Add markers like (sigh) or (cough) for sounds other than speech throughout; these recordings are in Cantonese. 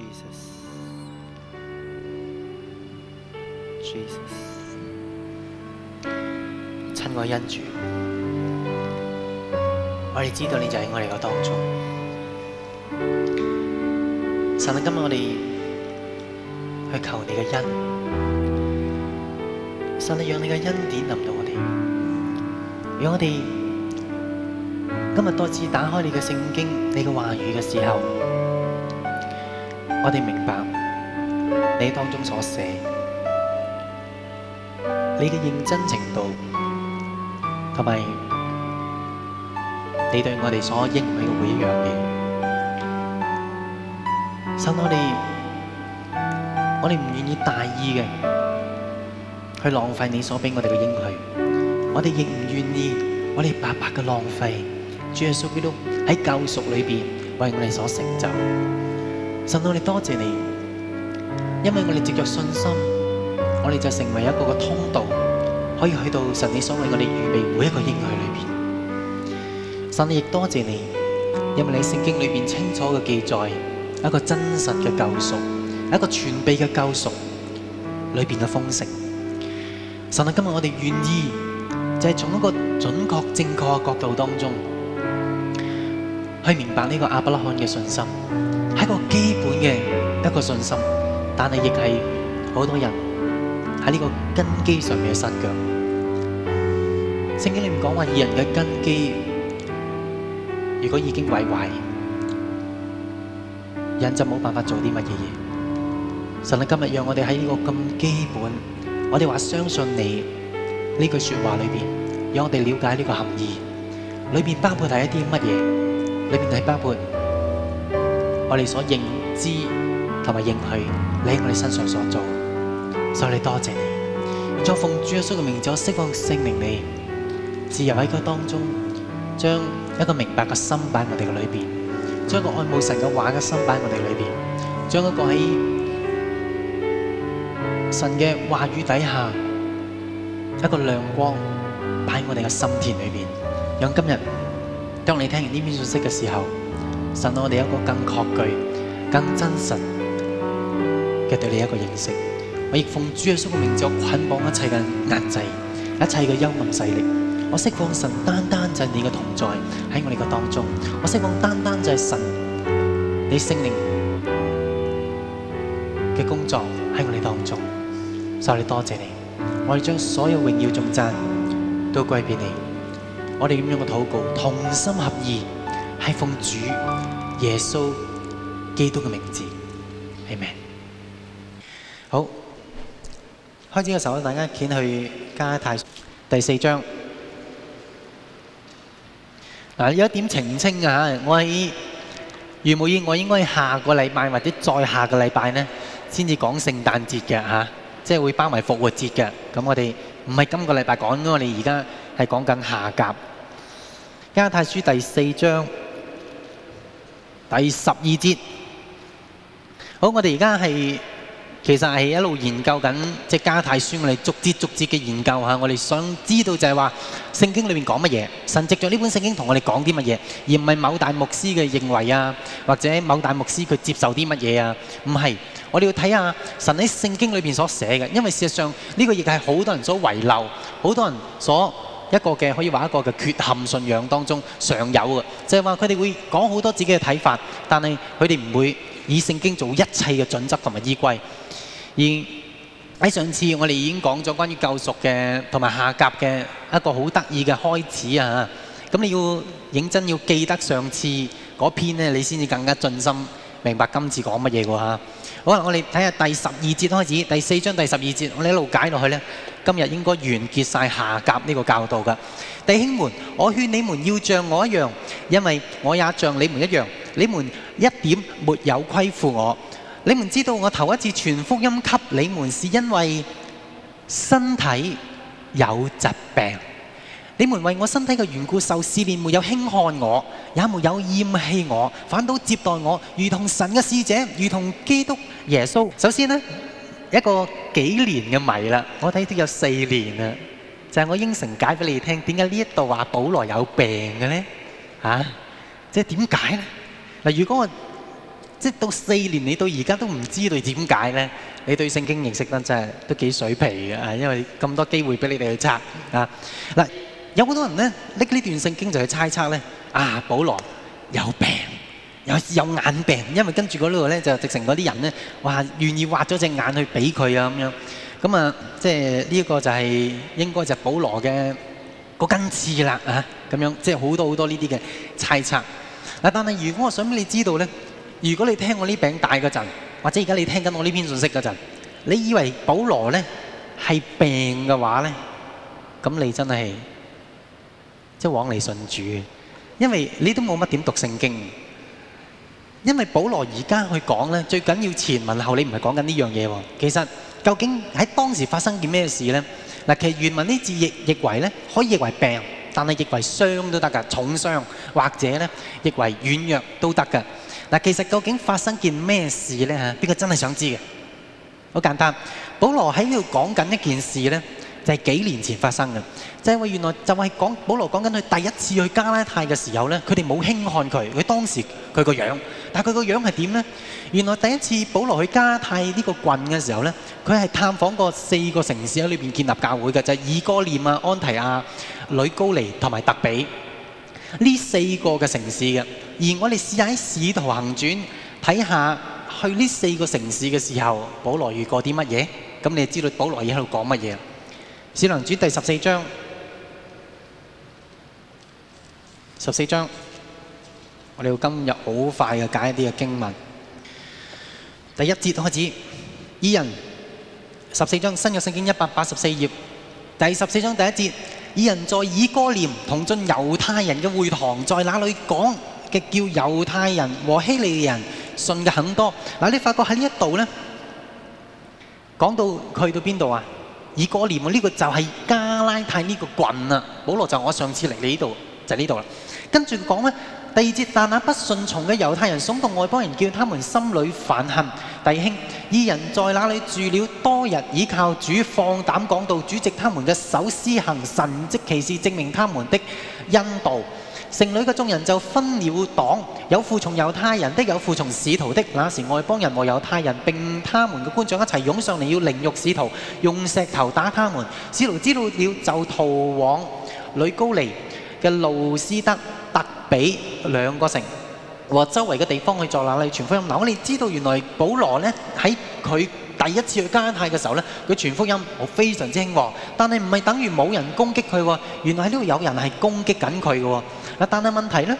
Jesus, Jesus，親愛的恩主，我哋知道你就喺我哋嘅當中。神啊，今日我哋去求你嘅恩，神啊，讓你嘅恩典臨到我哋。如果我哋今日多次打開你嘅聖經，你嘅話語嘅時候，我哋明白你當中所寫，你嘅認真程度，同埋你對我哋所應許嘅每一樣嘢，使我哋，我哋唔願意大意嘅，去浪費你所俾我哋嘅應許。我哋亦唔願意，我哋白白嘅浪費。主耶穌基督喺救贖裏邊為我哋所成就。神我哋多謝你，因為我哋藉着信心，我哋就成為一個個通道，可以去到神你所為我哋預備每一個嬰孩裏邊。神你亦多謝你，因為你聖經裏邊清楚嘅記載一個真實嘅救贖，一個全備嘅救贖裏邊嘅豐盛。神啊，今日我哋願意就係從一個準確、正確嘅角度當中，去明白呢個亞伯拉罕嘅信心。一個基本嘅一個信心，但係亦係好多人喺呢個根基上面嘅失腳。聖經裏邊講話，人嘅根基如果已經壞壞，人就冇辦法做啲乜嘢嘢。神啊，今日讓我哋喺呢個咁基本，我哋話相信你呢句說話裏邊，讓我哋了解呢個含義，裏邊包括係一啲乜嘢？裏邊係包括。我哋所認知同埋認識你喺我哋身上所做，所以我多謝你。作奉主耶穌嘅名字，我釋放生命你，自由喺佢當中，將一個明白嘅心擺我哋嘅裏邊，將一個愛慕神嘅話嘅心擺我哋裏邊，將一個喺神嘅話語底下一個亮光擺我哋嘅心田裏邊。讓今日當你聽完呢篇信息嘅時候。神，我哋有一個更確據、更真實嘅對你一個認識。我亦奉主耶穌嘅名字，我捆綁一切嘅壓制、一切嘅幽暗勢力。我釋放神單單就係你嘅同在喺我哋嘅當中。我釋放單單就係神你聖靈嘅工作喺我哋當中。所以多謝你，我哋將所有榮耀頌讚都歸俾你。我哋咁樣嘅禱告，同心合意，係奉主耶穌基督嘅名字，阿們。好，開始嘅時候，大家掀去加太書第四章。嗱，有一點澄清啊，我係預唔預？我應該下個禮拜或者再下個禮拜呢，先至講聖誕節嘅吓，即係會包埋復活節嘅。咁我哋唔係今個禮拜講，我哋而家係講緊下夾加太書第四章。第十二節，好，我哋而家係其實係一路研究緊《即加太書》，我哋逐節逐節嘅研究下，我哋想知道就係話聖經裏面講乜嘢，神藉著呢本聖經同我哋講啲乜嘢，而唔係某大牧師嘅認為啊，或者某大牧師佢接受啲乜嘢啊，唔係，我哋要睇下神喺聖經裏面所寫嘅，因為事實上呢個亦係好多人所遺漏，好多人所。一個嘅，可以話一個嘅缺陷，信仰當中常有嘅。即係話佢哋會講好多自己嘅睇法，但係佢哋唔會以聖經做一切嘅準則同埋依歸。而喺上次我哋已經講咗關於救贖嘅同埋下甲嘅一個好得意嘅開始啊，咁你要認真要記得上次嗰篇呢，你先至更加盡心明白今次講乜嘢嘅喎。好啦，我哋睇下第十二節開始，第四章第十二節，我哋一路解落去咧。今日應該完結晒下甲呢個教導噶。弟兄們，我勸你們要像我一樣，因為我也像你們一樣，你們一點沒有虧負我。你們知道我頭一次傳福音給你們，是因為身體有疾病。你們為我身體嘅緣故受試煉，沒有輕看我，也沒有厭棄我，反倒接待我，如同神嘅使者，如同基督耶穌。首先咧，一個幾年嘅謎啦，我睇都有四年啊，就係我應承解俾你聽，點解呢一度話保羅有病嘅咧？吓，即係點解咧？嗱，如果我即係到四年，你到而家都唔知道點解咧？你對聖經認識得真係都幾水皮嘅，因為咁多機會俾你哋去拆啊，嗱。有好多人咧，拎呢段聖經就去猜測咧，啊，保羅有病，有有眼病，因為跟住嗰度咧就直情嗰啲人咧，話願意挖咗隻眼去俾佢啊咁樣，咁啊，即係呢一個就係、是、應該就保羅嘅個根刺啦啊，咁樣即係好多好多呢啲嘅猜測。嗱、啊，但係如果我想俾你知道咧，如果你聽我呢餅大嗰陣，或者而家你聽緊我呢篇信息嗰陣，你以為保羅咧係病嘅話咧，咁你真係～即往嚟信主，因為你都冇乜點讀聖經。因為保羅而家去講呢，最緊要是前文後理，唔係講緊呢樣嘢喎。其實究竟喺當時發生啲咩事呢？其實原文呢字譯譯為呢，可以譯為病，但係譯為傷都得㗎，重傷或者呢，譯為軟弱都得㗎。其實究竟發生件咩事呢？嚇？邊個真係想知嘅？好簡單，保羅喺呢度講緊一件事呢。就係、是、幾年前發生嘅，就係因為原來就係講保羅講緊佢第一次去加拉太嘅時候咧，佢哋冇輕看佢，佢當時佢個樣，但係佢個樣係點咧？原來第一次保羅去加太呢個郡嘅時候咧，佢係探訪過四個城市喺裏邊建立教會嘅，就係、是、以哥念啊、安提亞、呂高尼同埋特比呢四個嘅城市嘅。而我哋試下喺使徒行傳睇下去呢四個城市嘅時候，保羅遇過啲乜嘢？咁你就知道保羅喺度講乜嘢。《小林子》第十四章，十四章，我哋要今日好快嘅解一啲嘅經文。第一節開始，以人十四章新約聖經一百八十四頁，第十四章第一節，二人在以哥念同進猶太人嘅會堂，在那裏講嘅，叫猶太人和希利人信嘅很多。嗱，你發覺喺呢一度咧，講到去到邊度啊？已過年喎，呢、這個就係加拉太呢個棍啦、啊。保羅就我上次嚟你呢度，就呢度啦。跟住講呢，第二節，但那不順從嘅猶太人，聳動外邦人，叫他們心裏惱恨弟兄。二人在那裏住了多日，倚靠主，放膽講道，主藉他們嘅手施行神蹟奇事，證明他們的恩道。城裏嘅眾人就分了黨，有附從猶太人的，有附從使徒的。那時外邦人和猶太人並他們嘅官長一齊湧上嚟，要凌辱使徒，用石頭打他們。使徒知道了，就逃往呂高尼嘅路斯德、特比兩個城和周圍嘅地方去作喇。佢傳福音嗱，我哋知道原來保羅咧喺佢第一次去加泰嘅時候咧，佢傳福音，我非常之興旺，但係唔係等於冇人攻擊佢喎？原來喺呢度有人係攻擊緊佢嘅喎。但係問題咧，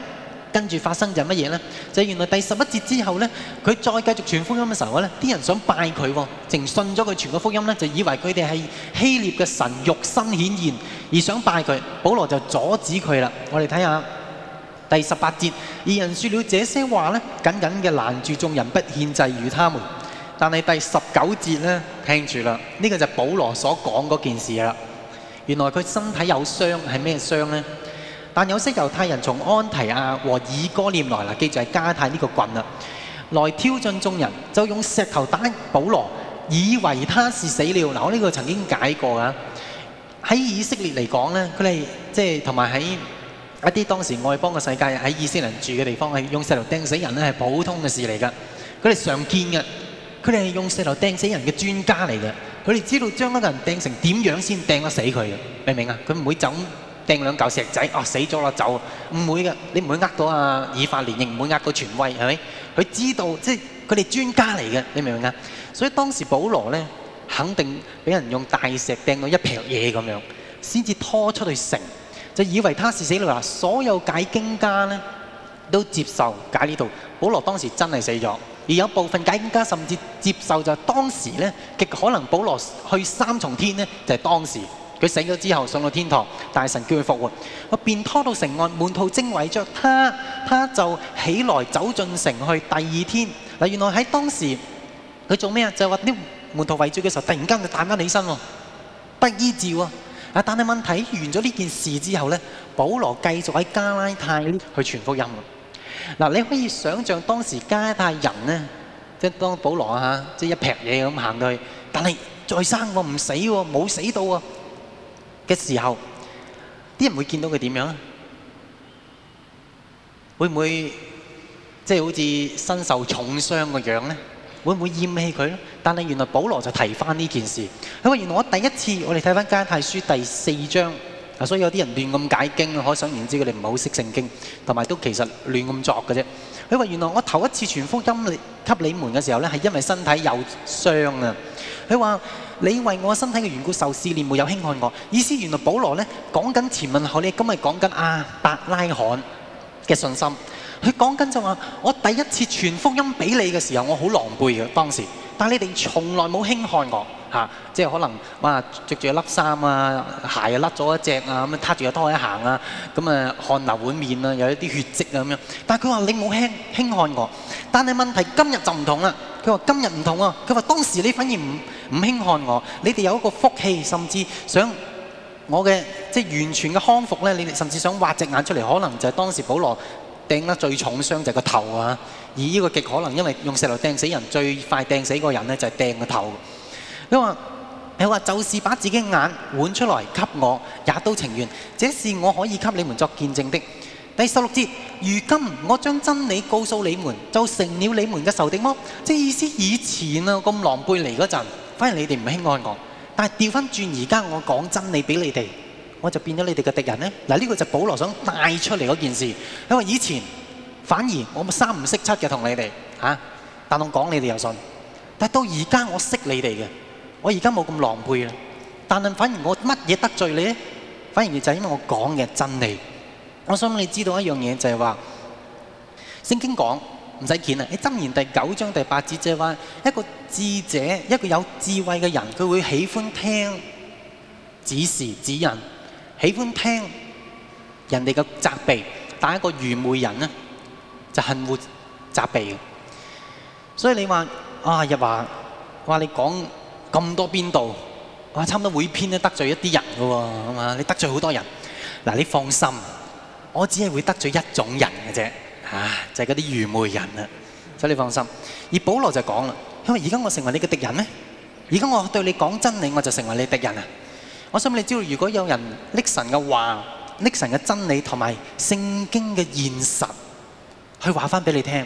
跟住發生就係乜嘢呢？就係原來第十一節之後呢，佢再繼續傳福音嘅時候呢，啲人想拜佢，淨信咗佢傳個福音呢，就以為佢哋係希臘嘅神肉身顯現，而想拜佢。保羅就阻止佢啦。我哋睇下第十八節，二人說了這些話呢，緊緊嘅攔住眾人，不獻祭與他們。但係第十九節呢，聽住啦，呢個就保羅所講嗰件事啦。原來佢身體有傷，係咩傷呢？但有些猶太人從安提亞和以哥念來啦，記住係加泰呢個棍啦，來挑戰眾人，就用石頭打保羅，以為他是死了。嗱，我呢個曾經解過噶。喺以色列嚟講咧，佢哋即係同埋喺一啲當時外邦嘅世界，喺以色列人住嘅地方，係用石頭掟死人咧係普通嘅事嚟噶，佢哋常見嘅，佢哋係用石頭掟死人嘅專家嚟嘅，佢哋知道將一個人掟成點樣先掟得死佢，明唔明啊？佢唔會走。掟兩嚿石仔，哦、啊、死咗啦走，唔會嘅，你唔會呃到阿、啊、以法蓮，亦唔會呃到權威，係咪？佢知道，即係佢哋專家嚟嘅，你明唔明啊？所以當時保羅咧，肯定俾人用大石掟到一撇嘢咁樣，先至拖出去城。就以為他是死啦。所有解經家咧都接受解呢度，保羅當時真係死咗，而有部分解經家甚至接受就係、當時咧極可能保羅去三重天咧就係、是、當時。佢死咗之後上到天堂，大神叫佢復活，我便拖到城外，門徒正圍著他，他就起來走進城去。第二天嗱，原來喺當時佢做咩啊？就係話啲門徒圍住嘅時候，突然間就彈翻起身喎，不依治喎。啊，但係問題完咗呢件事之後咧，保羅繼續喺加拉太去傳福音。嗱，你可以想象當時加拉太人咧，即係當保羅啊，即係一劈嘢咁行到去，但係再生我唔死喎，冇死到喎，嘅時候，啲人會見到佢點樣？會唔會即係好似身受重傷個樣咧？會唔會厭棄佢咧？但係原來保羅就提返呢件事。佢話，原來我第一次我哋睇返加拉太書第四章。啊！所以有啲人亂咁解經，可想而知佢哋唔係好識聖經，同埋都其實亂咁作嘅啫。佢話，原來我頭一次傳福音你給你們嘅時候咧，係因為身體有傷啊。佢話你為我身體嘅緣故受試煉，沒有輕看我。意思，原來保羅咧講緊前文後咧，今日講緊亞伯拉罕嘅信心。佢講緊就話，我第一次傳福音俾你嘅時候，我好狼狽嘅當時，但係你哋從來冇輕看我。嚇、啊！即係可能哇，着住粒衫啊，鞋又甩咗一隻啊，咁樣踏住個胎行啊，咁啊汗流滿面啊，有一啲血跡咁、啊、樣。但係佢話你冇輕輕看我，但係問題今日就唔同啦。佢話今日唔同啊，佢話當時你反而唔唔輕看我。你哋有一個福氣，甚至想我嘅即係完全嘅康復咧，你哋甚至想挖隻眼出嚟，可能就係當時保羅掟得最重的傷就係個頭啊。而呢個極可能，因為用石頭掟死人最快掟死個人咧，就係掟個頭。你話，你話就是把自己的眼換出來給我，也都情願。這是我可以給你們作見證的。第十六節，如今我將真理告訴你們，就成了你們嘅仇敵麼？即意思以前啊，咁狼狽嚟嗰陣，反而你哋唔興愛我。但係調翻轉，而家我講真理俾你哋，我就變咗你哋嘅敵人呢、嗱，這個就是保羅想帶出嚟嗰件事。因為以前反而我三唔識七嘅同你哋、啊、但係我講你哋又信。但係到而家我識你哋嘅。我而家冇咁狼狽啦，但係反而我乜嘢得罪你咧？反而就係因為我講嘅真理。我想你知道一樣嘢，就係話聖經講唔使謠啦，《箴言》第九章第八節就係話一個智者，一個有智慧嘅人，佢會喜歡聽指示指引，喜歡聽人哋嘅責備。但係一個愚昧人咧，就恨惡責備。所以你話啊，日華話你講。咁多邊度？哇！差唔多每篇都得罪一啲人㗎喎，係嘛？你得罪好多人。嗱，你放心，我只係會得罪一種人嘅啫，啊，就係嗰啲愚昧人啊！所以你放心。而保羅就講啦，因為而家我成為你嘅敵人咧，而家我對你講真理，我就成為你敵人啊！我想你知道，如果有人拎神嘅話，拎神嘅真理同埋聖經嘅現實，去話翻俾你聽，而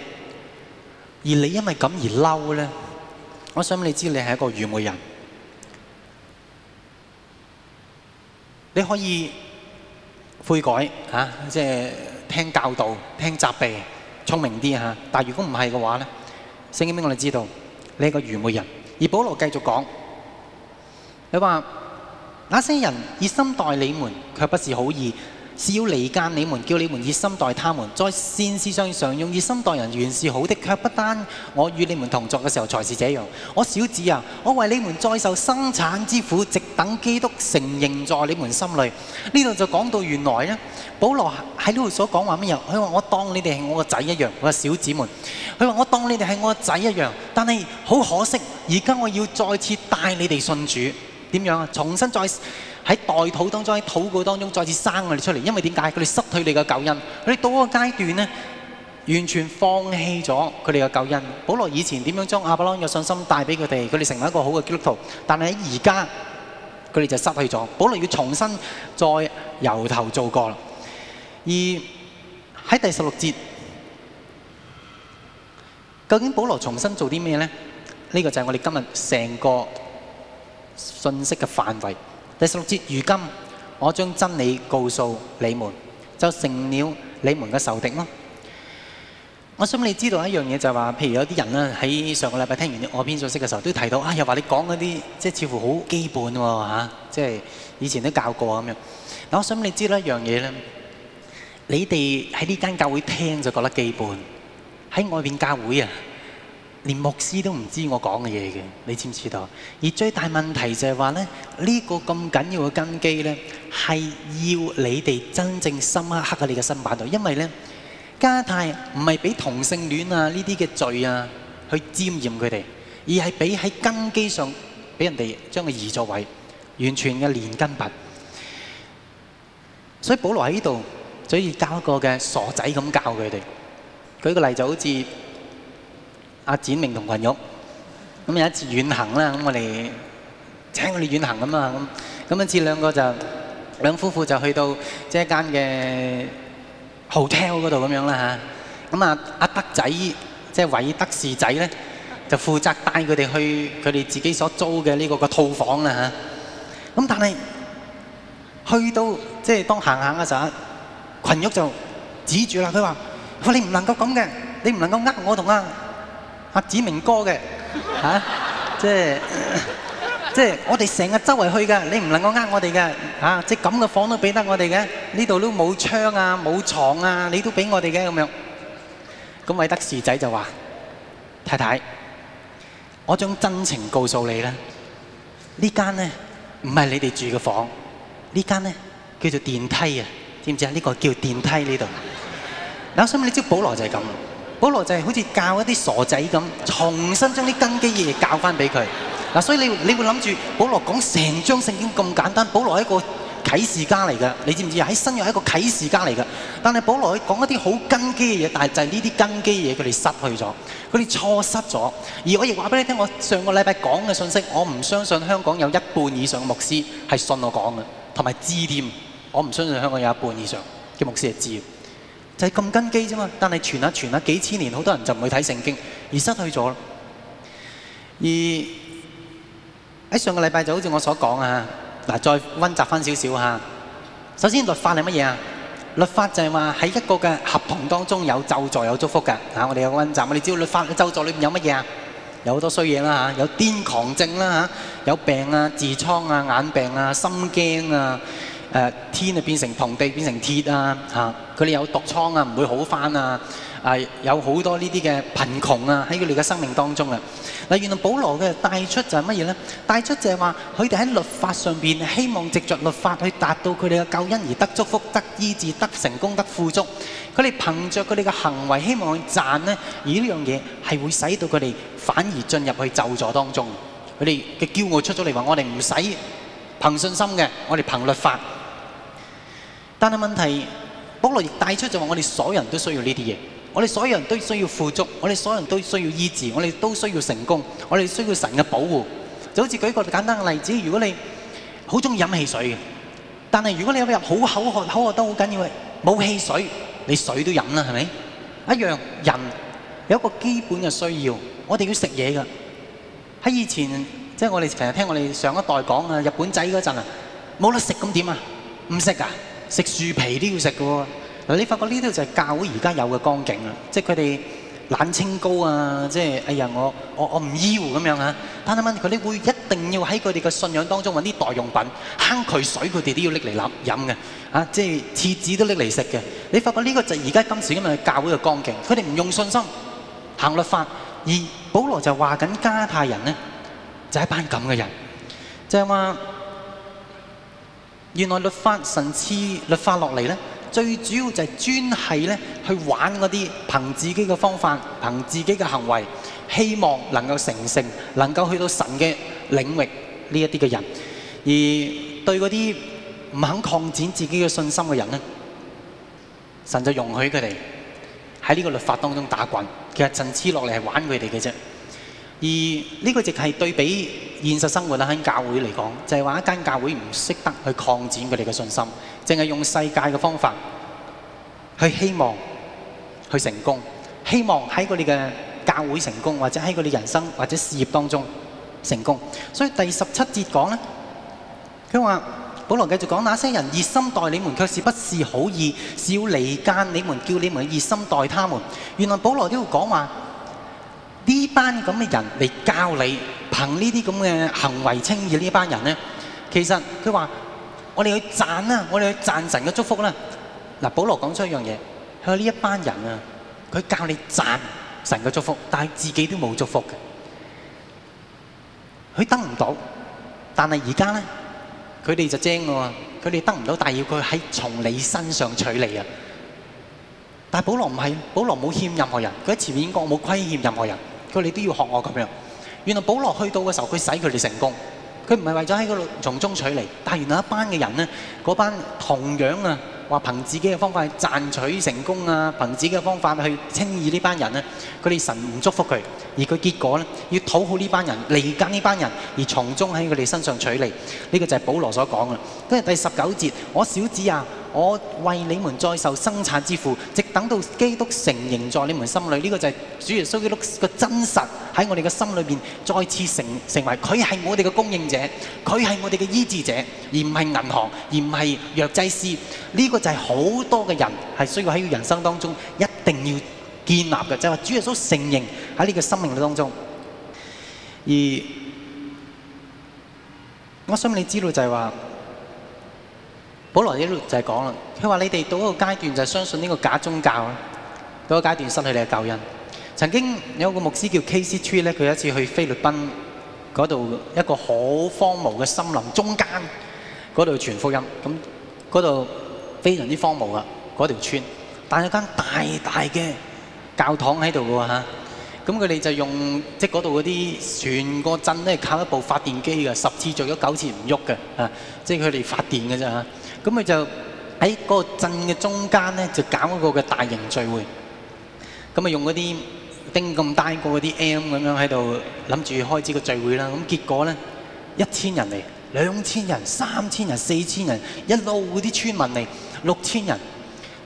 你因為咁而嬲咧。我想你知道你係一個愚昧人，你可以悔改嚇，即、啊、係、就是、聽教導、聽責備，聰明啲、啊、但如果唔係嘅話呢聖經畀我哋知道你係一個愚昧人。而保羅繼續講，你說那些人熱心待你們，卻不是好意。是要離間你們，叫你們熱心待他們，在善事上常用熱心待人，原是好的。卻不單我與你們同作嘅時候才是這樣。我小子啊，我為你們再受生產之苦，直等基督成形在你們心裏。呢度就講到原來呢，保羅喺呢度所講話乜嘢？佢話我當你哋係我個仔一樣，我話小子們，佢話我當你哋係我個仔一樣。但係好可惜，而家我要再次帶你哋信主，點樣啊？重新再。喺待土當中，喺土固當中，再次生佢哋出嚟。因為點解？佢哋失去你嘅救恩。佢哋到嗰個階段咧，完全放棄咗佢哋嘅救恩。保羅以前點樣將亞伯拉罕嘅信心帶俾佢哋，佢哋成為一個好嘅基督徒。但係喺而家，佢哋就失去咗。保羅要重新再由頭做過喇。而喺第十六節，究竟保羅重新做啲咩咧？呢個就係我哋今日成個信息嘅範圍。第十六節，如今我將真理告訴你們，就成了你們嘅仇敵咯。我想你知道一樣嘢，就係話，譬如有啲人啦，喺上個禮拜聽完我篇信息嘅時候，都提到啊，又話你講嗰啲，即係似乎好基本吓，即係以前都教過咁樣。嗱，我想你知道一樣嘢咧，你哋喺呢間教會聽就覺得基本，喺外邊教會啊。連牧師都唔知我講嘅嘢嘅，你知唔知道？而最大問題就係話咧，呢個咁緊要嘅根基咧，係要你哋真正深刻喺你嘅心板度。因為咧，加太唔係俾同性戀啊呢啲嘅罪啊去沾染佢哋，而係俾喺根基上俾人哋將佢移作為完全嘅連根拔。所以保羅喺呢度，所以教一個嘅傻仔咁教佢哋。舉個例子就好似。阿展明同群玉，咁有一次遠行啦，咁我哋請佢哋遠行咁啊，咁咁一次兩個就兩夫婦就去到即係一間嘅 hotel 嗰度咁樣啦嚇，咁啊阿德仔即係偉德士仔咧，就負責帶佢哋去佢哋自己所租嘅呢個個套房啦嚇，咁但係去到即係當行行嘅時候，群玉就指住啦，佢話：喂，你唔能夠咁嘅，你唔能夠呃我同啊！阿子明哥嘅嚇，即係即係我哋成日周圍去㗎，你唔能夠呃我哋嘅嚇，即係咁嘅房都俾得我哋嘅，呢度都冇窗啊，冇牀啊，你都俾我哋嘅咁樣。咁位德士仔就話：太太，我將真情告訴你啦，呢間呢唔係你哋住嘅房，呢間呢叫做電梯啊，知唔知啊？呢個叫電梯呢度。嗱，我想你知保羅就係咁。保羅就係好似教一啲傻仔咁，重新將啲根基嘢教翻俾佢。嗱，所以你你會諗住，保羅講成章聖經咁簡單，保羅係一個啟示家嚟嘅，你知唔知？喺新約係一個啟示家嚟嘅。但係，保羅講一啲好根基嘅嘢，但係就係呢啲根基嘅嘢，佢哋失去咗，佢哋錯失咗。而我亦話俾你聽，我上個禮拜講嘅信息，我唔相信香港有一半以上嘅牧師係信我講嘅，同埋知添。我唔相信香港有一半以上嘅牧師係知。就係咁根基啫嘛，但係傳下傳下幾千年，好多人就唔會睇聖經，而失去咗。而喺上個禮拜就好似我所講啊，嗱，再温習翻少少嚇。首先律法係乜嘢啊？律法就係話喺一個嘅合同當中有咒助有祝福㗎嚇。我哋有温習，我哋知道律法嘅咒助裏邊有乜嘢啊？有好多衰嘢啦嚇，有癲狂症啦嚇，有病啊、痔瘡啊、眼病啊、心驚啊。誒天就變成銅，地變成鐵啊！嚇，佢哋有毒瘡啊，唔會好翻啊！啊，有好多呢啲嘅貧窮啊，喺佢哋嘅生命當中啊。嗱，原來保羅嘅帶出就係乜嘢咧？帶出就係話佢哋喺律法上邊希望藉著律法去達到佢哋嘅救恩而得祝福、得醫治、得成功、得富足。佢哋憑著佢哋嘅行為希望去賺咧，而呢樣嘢係會使到佢哋反而進入去咒詛當中。佢哋嘅驕傲出咗嚟，話我哋唔使憑信心嘅，我哋憑律法。但係問題，保羅亦帶出就話，我哋所有人都需要呢啲嘢，我哋所有人都需要富足，我哋所有人都需要醫治，我哋都需要成功，我哋需要神嘅保護。就好似舉一個簡單嘅例子，如果你好中意飲汽水嘅，但係如果你有個人好口渴，口渴得好緊要，冇汽水，你水都飲啦，係咪？一樣人有一個基本嘅需要，我哋要食嘢㗎。喺以前，即係我哋成日聽我哋上一代講啊，日本仔嗰陣啊，冇得食咁點啊？唔食㗎。食樹皮都要食嘅喎，嗱，你發覺呢度就係教會而家有嘅光景啊，即係佢哋懶清高啊，即係哎呀我我我唔醫護咁樣啊，但係問佢哋會一定要喺佢哋嘅信仰當中揾啲代用品，坑渠水佢哋都要拎嚟飲嘅，啊，即係廁紙都拎嚟食嘅，你發覺呢個就而家今時今日嘅教會嘅光景，佢哋唔用信心行律法，而保羅就話緊加太人咧就係、一班咁嘅人，即係話。原來律法神賜律法落嚟咧，最主要就係專係咧去玩嗰啲憑自己嘅方法、憑自己嘅行為，希望能夠成聖，能夠去到神嘅領域呢一啲嘅人。而對嗰啲唔肯擴展自己嘅信心嘅人咧，神就容許佢哋喺呢個律法當中打滾。其實神賜落嚟係玩佢哋嘅啫。而呢個亦係對比現實生活啦，喺教會嚟講，就係話一間教會唔識得去擴展佢哋嘅信心，淨係用世界嘅方法去希望去成功，希望喺佢哋嘅教會成功，或者喺佢哋人生或者事業當中成功。所以第十七節講呢，佢話：保羅繼續講，那些人熱心待你們，卻是不是好意，是要離間你們，叫你們熱心待他們。原來保羅都要講話。呢班咁嘅人嚟教你，憑呢啲咁嘅行為稱義，呢班人咧，其實佢話：我哋去贊啦，我哋去贊神嘅祝福啦。嗱，保羅講出一樣嘢，向呢一班人啊，佢教你贊神嘅祝福，但係自己都冇祝福嘅，佢得唔到。但係而家咧，佢哋就精喎，佢哋得唔到，但係要佢喺從你身上取利啊。但係保羅唔係，保羅冇欠任何人，佢喺前面講冇虧欠任何人。佢哋都要學我咁樣。原來保羅去到嘅時候，佢使佢哋成功。佢唔係為咗喺嗰度從中取利，但係原來一班嘅人咧，嗰班同樣啊，話憑自己嘅方，方法去賺取成功啊，憑自己嘅方法去稱義呢班人啊，佢哋神唔祝福佢，而佢結果咧要討好呢班人，離間呢班人，而從中喺佢哋身上取利。呢、這個就係保羅所講啊。跟住第十九節，我小子啊！我為你們再受生產之苦，直等到基督成形在你們心裏。呢、這個就係主耶穌基督嘅真實喺我哋嘅心裏面再次成成為，佢係我哋嘅供應者，佢係我哋嘅醫治者，而唔係銀行，而唔係藥劑師。呢、這個就係好多嘅人係需要喺人生當中一定要建立嘅，就係、是、話主耶穌成形喺呢個生命當中。而我想你知道就係話。保羅一路就係講啦，佢話你哋到一個階段就係相信呢個假宗教啦，到一個階段失去你嘅救恩。曾經有個牧師叫 KC Tree 咧，佢有一次去菲律賓嗰度一個好荒蕪嘅森林中間嗰度傳福音，咁嗰度非常之荒蕪啊，嗰條村，但係有間大大嘅教堂喺度嘅喎嚇。咁佢哋就用即係嗰度嗰啲，全個鎮咧靠一部發電機嘅，十次做咗九次唔喐嘅，啊，即係佢哋發電嘅咋。嚇。咁佢就喺嗰個鎮嘅中間咧，就搞一個嘅大型聚會。咁咪用嗰啲叮咁大個嗰啲 M 咁樣喺度諗住開始個聚會啦。咁結果咧，一千人嚟，兩千人、三千人、四千人，一路嗰啲村民嚟，六千人。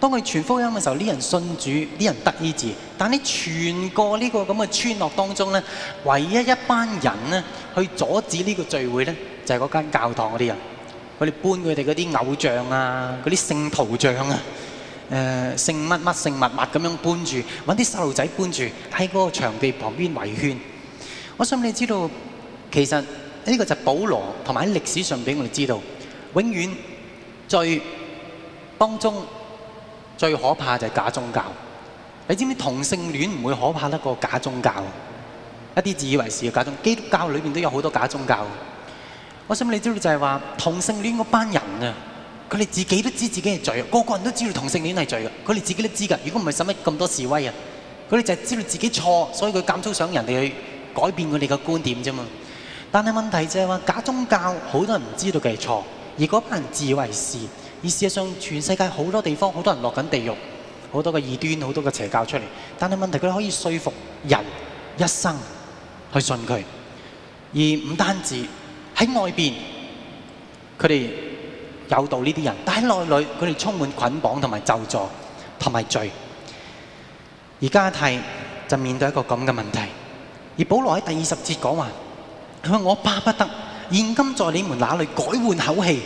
當佢傳福音嘅時候，啲人信主，啲人得醫治。但係全個呢個咁嘅村落當中咧，唯一一班人咧去阻止呢個聚會咧，就係嗰間教堂嗰啲人。佢哋搬佢哋嗰啲偶像啊，嗰啲聖徒像啊，誒聖乜乜聖物物咁樣搬住，揾啲細路仔搬住喺嗰個場地旁邊圍圈。我想你知道，其實呢個就係保羅同埋喺歷史上俾我哋知道，永遠最當中最可怕的就係假宗教。你知唔知同性戀唔會可怕得過假宗教？一啲自以為是嘅假宗教，基督教裏邊都有好多假宗教。我想問你知道就係話同性戀嗰班人啊，佢哋自己都知自己係罪，個個人都知道同性戀係罪嘅，佢哋自己都知㗎。如果唔係，使乜咁多示威啊？佢哋就係知道自己錯，所以佢監督想人哋去改變佢哋嘅觀點啫嘛。但係問題就係話假宗教好多人唔知道佢係錯，而嗰班人自以為是，而事實上全世界好多地方好多人落緊地獄，好多個異端好多個邪教出嚟。但係問題佢可以說服人一生去信佢，而唔單止。喺外邊，佢哋有道呢啲人，但喺內裏佢哋充滿捆綁同埋咒詛同埋罪。而加泰就面對一個這樣嘅問題，而保羅喺第二十節講話：我巴不得現今在你們那裏改換口氣。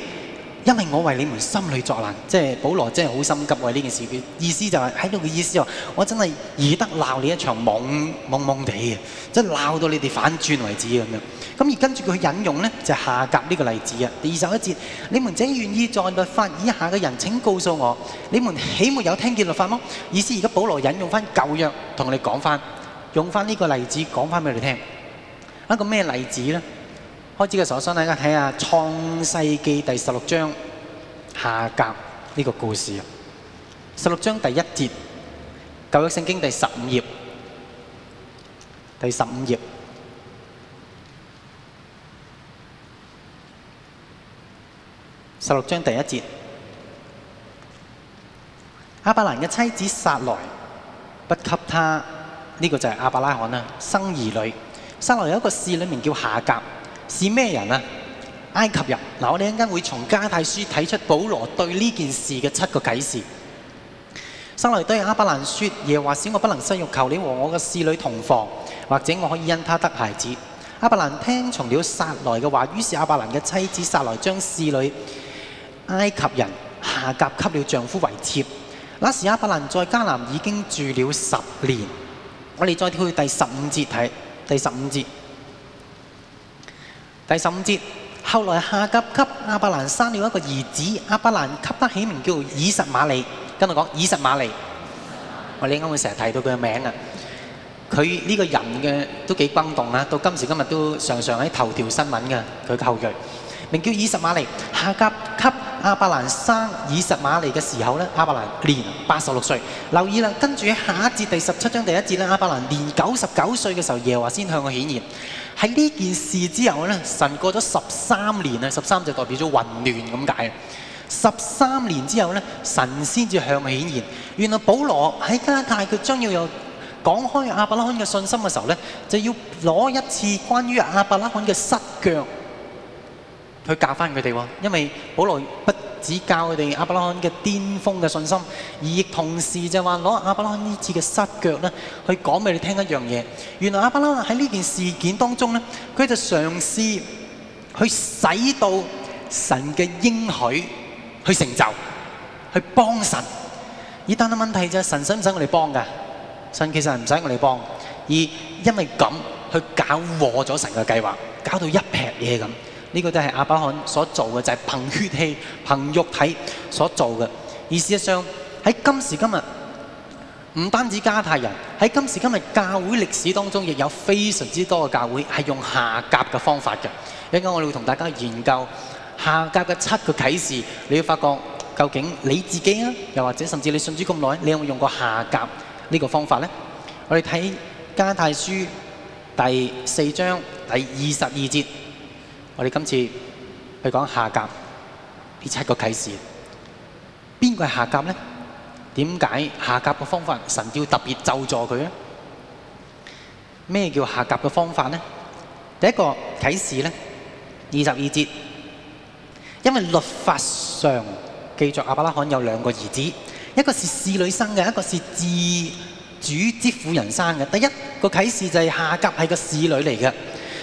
因為我為你們心裏作難，即係保羅真係好心急，為呢件事，意思就係喺度嘅意思是我真係易得鬧你一場懵，懵懵懵地嘅，即鬧到你哋反轉為止咁，而跟住佢引用咧，就是、夏甲呢個例子第二十一節，你們只願意在律法以下嘅人，請告訴我，你們豈沒有聽見律法麼？意思而家保羅引用翻舊約跟你說，同我講用翻呢個例子講翻俾我聽，一、那個咩例子呢？開始嘅時候，我想，大家睇下《創世記》第十六章夏甲呢個故事啊。十六章第一節，舊約聖經第十五頁，第十五頁。十六章第一節，亞伯蘭嘅妻子撒萊不給他呢、這個就係亞伯拉罕啦，生兒女。撒萊有一個使女名叫夏甲。是咩人啊？埃及人嗱，我哋一陣間會從加拉太書睇出保羅對呢件事嘅七個解釋。撒來對亞伯蘭說，說：耶和華使我不能生育，求你和我嘅侍女同房，或者我可以因他得孩子。亞伯蘭聽從了撒來嘅話，於是亞伯蘭嘅妻子撒來將侍女埃及人下嫁給了丈夫為妾。那時亞伯蘭在迦南已經住了十年。我哋再跳去第十五節睇，第十五節。第十五節，後來夏甲給亞伯蘭生了一個兒子，亞伯蘭給他起名叫以實瑪利。跟我講，以實瑪利，我哋應該會成日提到佢嘅名啊！佢呢個人嘅都幾轟動啊，到今時今日都常常喺頭條新聞嘅佢嘅後裔，名叫以實瑪利。夏甲給亞伯蘭生以實瑪利嘅時候咧，亞伯蘭年八十六歲。留意啦，跟住下一節第十七章第一節咧，亞伯蘭年九十九歲嘅時候，耶和華先向佢顯現。喺呢件事之後咧，神過咗十三年啊，十三就代表咗混亂咁解。十三年之後咧，神先至向我顯現。原來保羅喺加泰，佢將要有講開亞伯拉罕嘅信心嘅時候咧，就要攞一次關於亞伯拉罕嘅失腳去教翻佢哋喎，因為保羅不，指教佢哋阿伯拉罕嘅巔峰嘅信心，而亦同時就話攞亞伯拉罕呢次嘅失腳咧，去講俾你聽一樣嘢。原來阿伯拉罕喺呢件事件當中咧，佢就嘗試去使到神嘅應許去成就，去幫神。而但係問題就係神使唔使我哋幫嘅？神其實係唔使我哋幫，而因為咁去搞禍咗神嘅計劃，搞到一劈嘢咁。呢、這個都係亞伯拉罕所做嘅，就係、是、憑血氣、憑肉體所做嘅。而事實上喺今時今日，唔單止加泰人喺今時今日教會歷史當中，亦有非常之多嘅教會係用下夾嘅方法嘅。一陣間我哋會同大家研究下夾嘅七個啟示。你會發覺究竟你自己啊，又或者甚至你信主咁耐，你有冇用過下夾呢個方法呢？我哋睇加泰書第四章第二十二節。我哋今次去講夏甲，呢七個啟示，邊個係夏甲呢？點解夏甲嘅方法神要特別救助佢呢？咩叫夏甲嘅方法呢？第一個啟示呢，二十二節，因為律法上記著亞伯拉罕有兩個兒子，一個是侍女生嘅，一個是自主之婦人生嘅。第一個啟示就係夏甲係個侍女嚟嘅。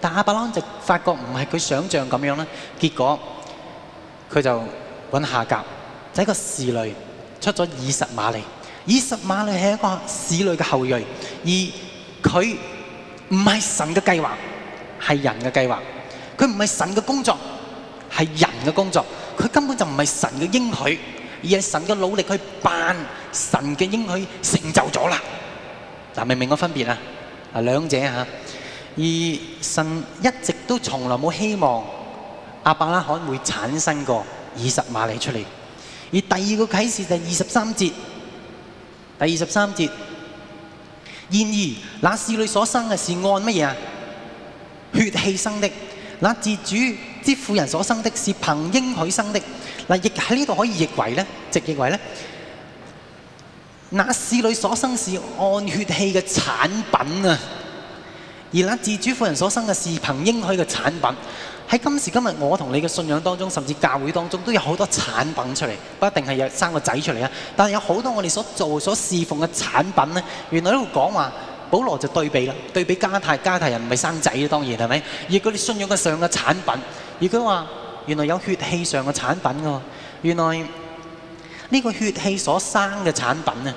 但阿伯朗就發覺唔係佢想象咁樣啦，結果佢就揾下甲，就喺個使女出咗以實瑪利，以實瑪利係一個使女嘅後裔，而佢唔係神嘅計劃，係人嘅計劃，佢唔係神嘅工作，係人嘅工作，佢根本就唔係神嘅應許，而係神嘅努力去扮神嘅應許成就咗啦。嗱，明唔明個分別啊？啊，兩者嚇。而神一直都從來冇希望阿伯拉罕會產生個以實瑪利出嚟。而第二個啟示就係二十三節，第二十三節。然而那侍女所生嘅是按乜嘢啊？血氣生的。那自主之婦人所生的是憑應許生的。嗱，亦喺呢度可以譯為咧，直譯為咧，那侍女所生的是按血氣嘅產品啊。而那自主婦人所生嘅係憑應許嘅產品，喺今時今日我同你嘅信仰當中，甚至教會當中都有好多產品出嚟，不一定係有生個仔出嚟啊！但係有好多我哋所做所侍奉嘅產品咧，原來喺度講話，保羅就對比啦，對比加泰加泰人唔係生仔當然係咪？而佢哋信仰嘅上嘅產品，而佢話原來有血氣上嘅產品㗎喎，原來呢個血氣所生嘅產品咧，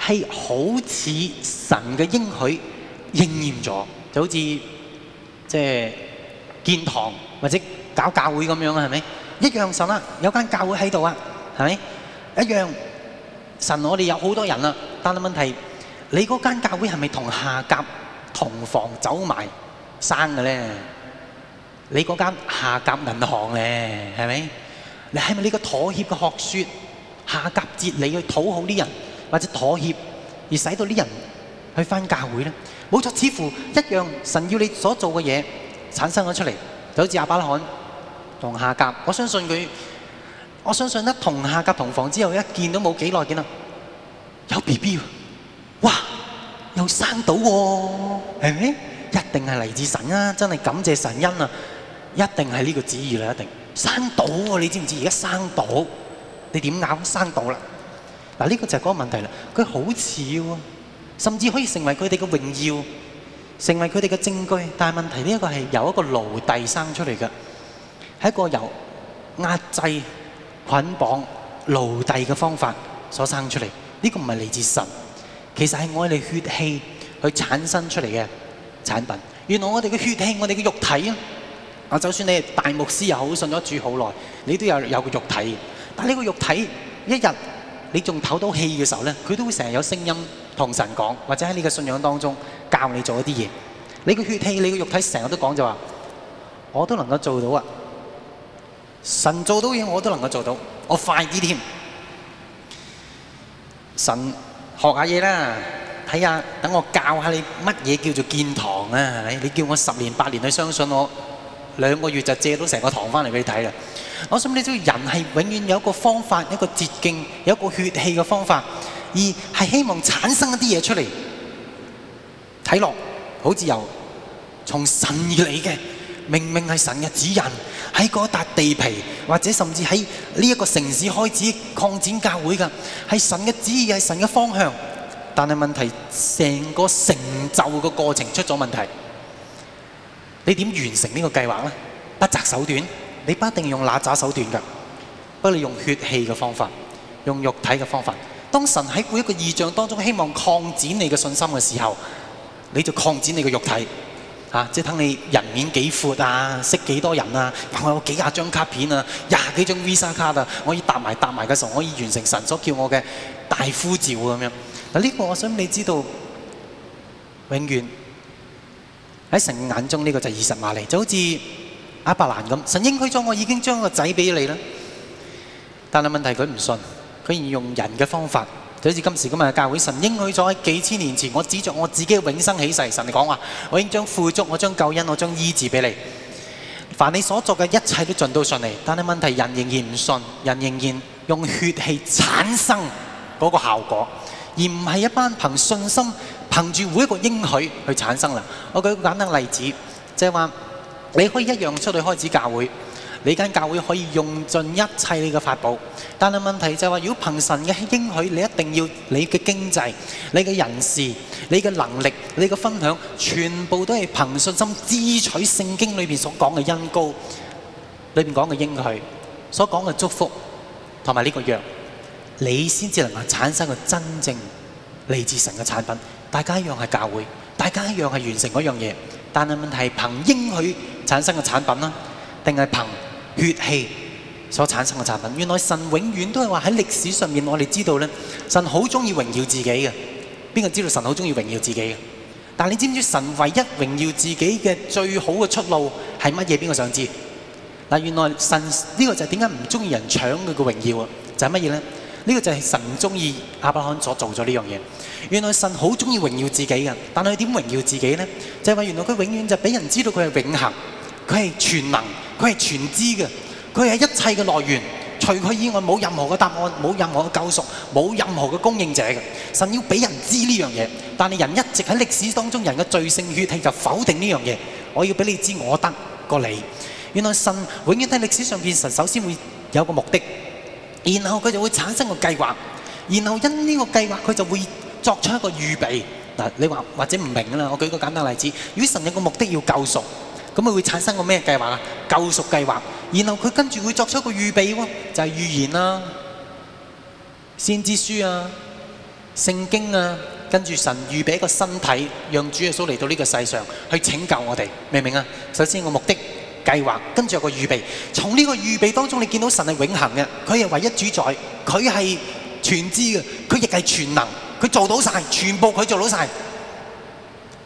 係好似神嘅應許。應驗咗就好似即係建堂或者搞教會咁樣啊，係咪一樣神啊？有間教會喺度啊，係咪一樣神？我哋有好多人啊。但係問題你嗰間教會係咪同下甲同房走埋生嘅咧？你嗰間下甲銀行咧係咪？你係咪呢個妥協嘅學説？下甲哲理去討好啲人，或者妥協而使到啲人？去返教會咧，冇錯，似乎一樣神要你所做嘅嘢產生咗出嚟，就好似亞伯拉罕同夏甲，我相信佢，我相信呢同夏甲同房之後，一見都冇幾耐見啦，有 B B 喎，哇，又生到喎，係咪？一定係嚟自神啊，真係感謝神恩啊，一定係呢個旨意啦，一定生到喎，你知唔知而家生到？你點解生到啦？嗱，呢個就係嗰個問題啦，佢好似喎。甚至可以成為佢哋嘅榮耀，成為佢哋嘅證據。但係問題呢一個係由一個奴隸生出嚟嘅，係一個由壓制、捆綁奴隸嘅方法所生出嚟。呢個唔係嚟自神，其實係我哋血氣去產生出嚟嘅產品。原來我哋嘅血氣，我哋嘅肉體啊！啊，就算你係大牧師又好，信咗主好耐，你都有有個肉體。但係呢個肉體，一日你仲唞到氣嘅時候咧，佢都會成日有聲音。同神講，或者喺你嘅信仰當中教你做一啲嘢。你個血氣、你個肉體成日都講就話，我都能夠做到啊！神做到嘢，我都能夠做到，我快啲添。神學下嘢啦，睇下，等我教下你乜嘢叫做建堂啊！你叫我十年八年去相信我，兩個月就借到成個堂翻嚟俾你睇啦。我想你知，人係永遠有一個方法，一個捷徑，有一個血氣嘅方法。二係希望產生一啲嘢出嚟，睇落好似由從神而嚟嘅，明明係神嘅指引，喺嗰笪地皮或者甚至喺呢一個城市開始擴展教會嘅係神嘅指引，係神嘅方向。但係問題成個成就嘅過程出咗問題，你點完成呢個計劃呢？不擇手段，你不一定用邋遢手段㗎，不如用血氣嘅方法，用肉體嘅方法。當神喺佢一個意象當中，希望擴展你嘅信心嘅時候，你就擴展你嘅肉體，吓、啊、即係等你人面幾闊啊，識幾多人啊，我有幾十張卡片啊，廿幾張 Visa 卡啊，我可以搭埋搭埋嘅時候，我可以完成神所叫我嘅大呼召咁樣。嗱，呢個我想你知道，永遠喺神的眼中呢、這個就是二十碼嚟，就好似亞伯蘭咁，神應許咗我已經將個仔俾你啦，但係問題佢唔信，如用人嘅方法，就好似今時今日嘅教會，神應許咗喺幾千年前，我指著我自己永生起誓，神你講話，我已經將富足，我將救恩，我將醫治俾你。凡你所做嘅一切都盡到順利，但係問題是人仍然唔信，人仍然用血氣產生嗰個效果，而唔係一班憑信心憑住每一個應許去產生啦。我舉個簡單例子，即係話你可以一樣出去開始教會。你這間教會可以用盡一切你嘅法寶，但係問題就係話，如果憑神嘅應許，你一定要你嘅經濟、你嘅人事、你嘅能力、你嘅分享，全部都係憑信心支取聖經裏邊所講嘅恩膏，裏邊講嘅應許，所講嘅祝福同埋呢個約，你先至能夠產生個真正嚟自神嘅產品。大家一樣係教會，大家一樣係完成嗰樣嘢，但係問題係憑應許產生嘅產品啦，定係憑血氣所產生嘅產品，原來神永遠都係話喺歷史上面，我哋知道咧，神好中意榮耀自己嘅。邊個知道神好中意榮耀自己嘅？但係你知唔知神唯一榮耀自己嘅最好嘅出路係乜嘢？邊個想知？嗱，原來神呢個就係點解唔中意人搶佢嘅榮耀啊？就係乜嘢咧？呢個就係神中意亞伯罕所做咗呢樣嘢。原來神好中意榮耀自己嘅，但係佢點榮耀自己咧？就係話原來佢永遠就俾人知道佢係永恆。佢係全能，佢係全知嘅，佢係一切嘅來源。除佢以外，冇任何嘅答案，冇任何嘅救贖，冇任何嘅供應者。神要俾人知呢樣嘢，但係人一直喺歷史當中，人嘅罪性血氣就否定呢樣嘢。我要俾你知，我得過你。原來神永遠喺歷史上面，神首先會有個目的，然後佢就會產生個計劃，然後因呢個計劃，佢就會作出一個預備。你或或者唔明啦。我舉個簡單例子：如果神有個目的要救贖。咁佢會產生個咩計劃啊？救贖計劃，然後佢跟住會作出一個預備喎，就係預言啦、先知書啊、聖經啊，跟住神預備一個身體，讓主耶穌嚟到呢個世上去拯救我哋，明唔明啊？首先個目的計劃，跟住有個預備，從呢個預備當中，你見到神係永恆嘅，佢係唯一主宰，佢係全知嘅，佢亦係全能，佢做到晒，全部佢做到晒。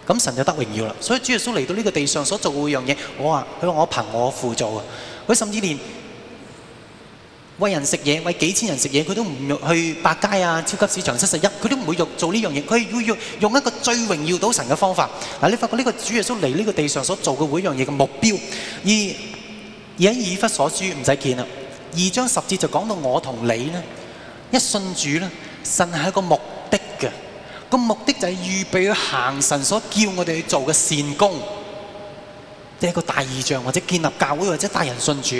咁神就得榮耀啦，所以主耶穌嚟到呢個地上所做嘅一樣嘢，我話佢話我憑我輔助嘅，佢甚至連餵人食嘢，餵幾千人食嘢，佢都唔用去百佳啊、超級市場、七十一，佢都唔會用做呢樣嘢，佢係要用用一個最榮耀到神嘅方法。嗱，你發覺呢個主耶穌嚟呢個地上所做嘅每樣嘢嘅目標，而而以弗所書唔使見啦，二章十節就講到我同你咧，一信主咧，神係一個目的嘅。個目的就係預備去行神所叫我哋去做嘅善工，即係一個大異象，或者建立教會，或者帶人信主。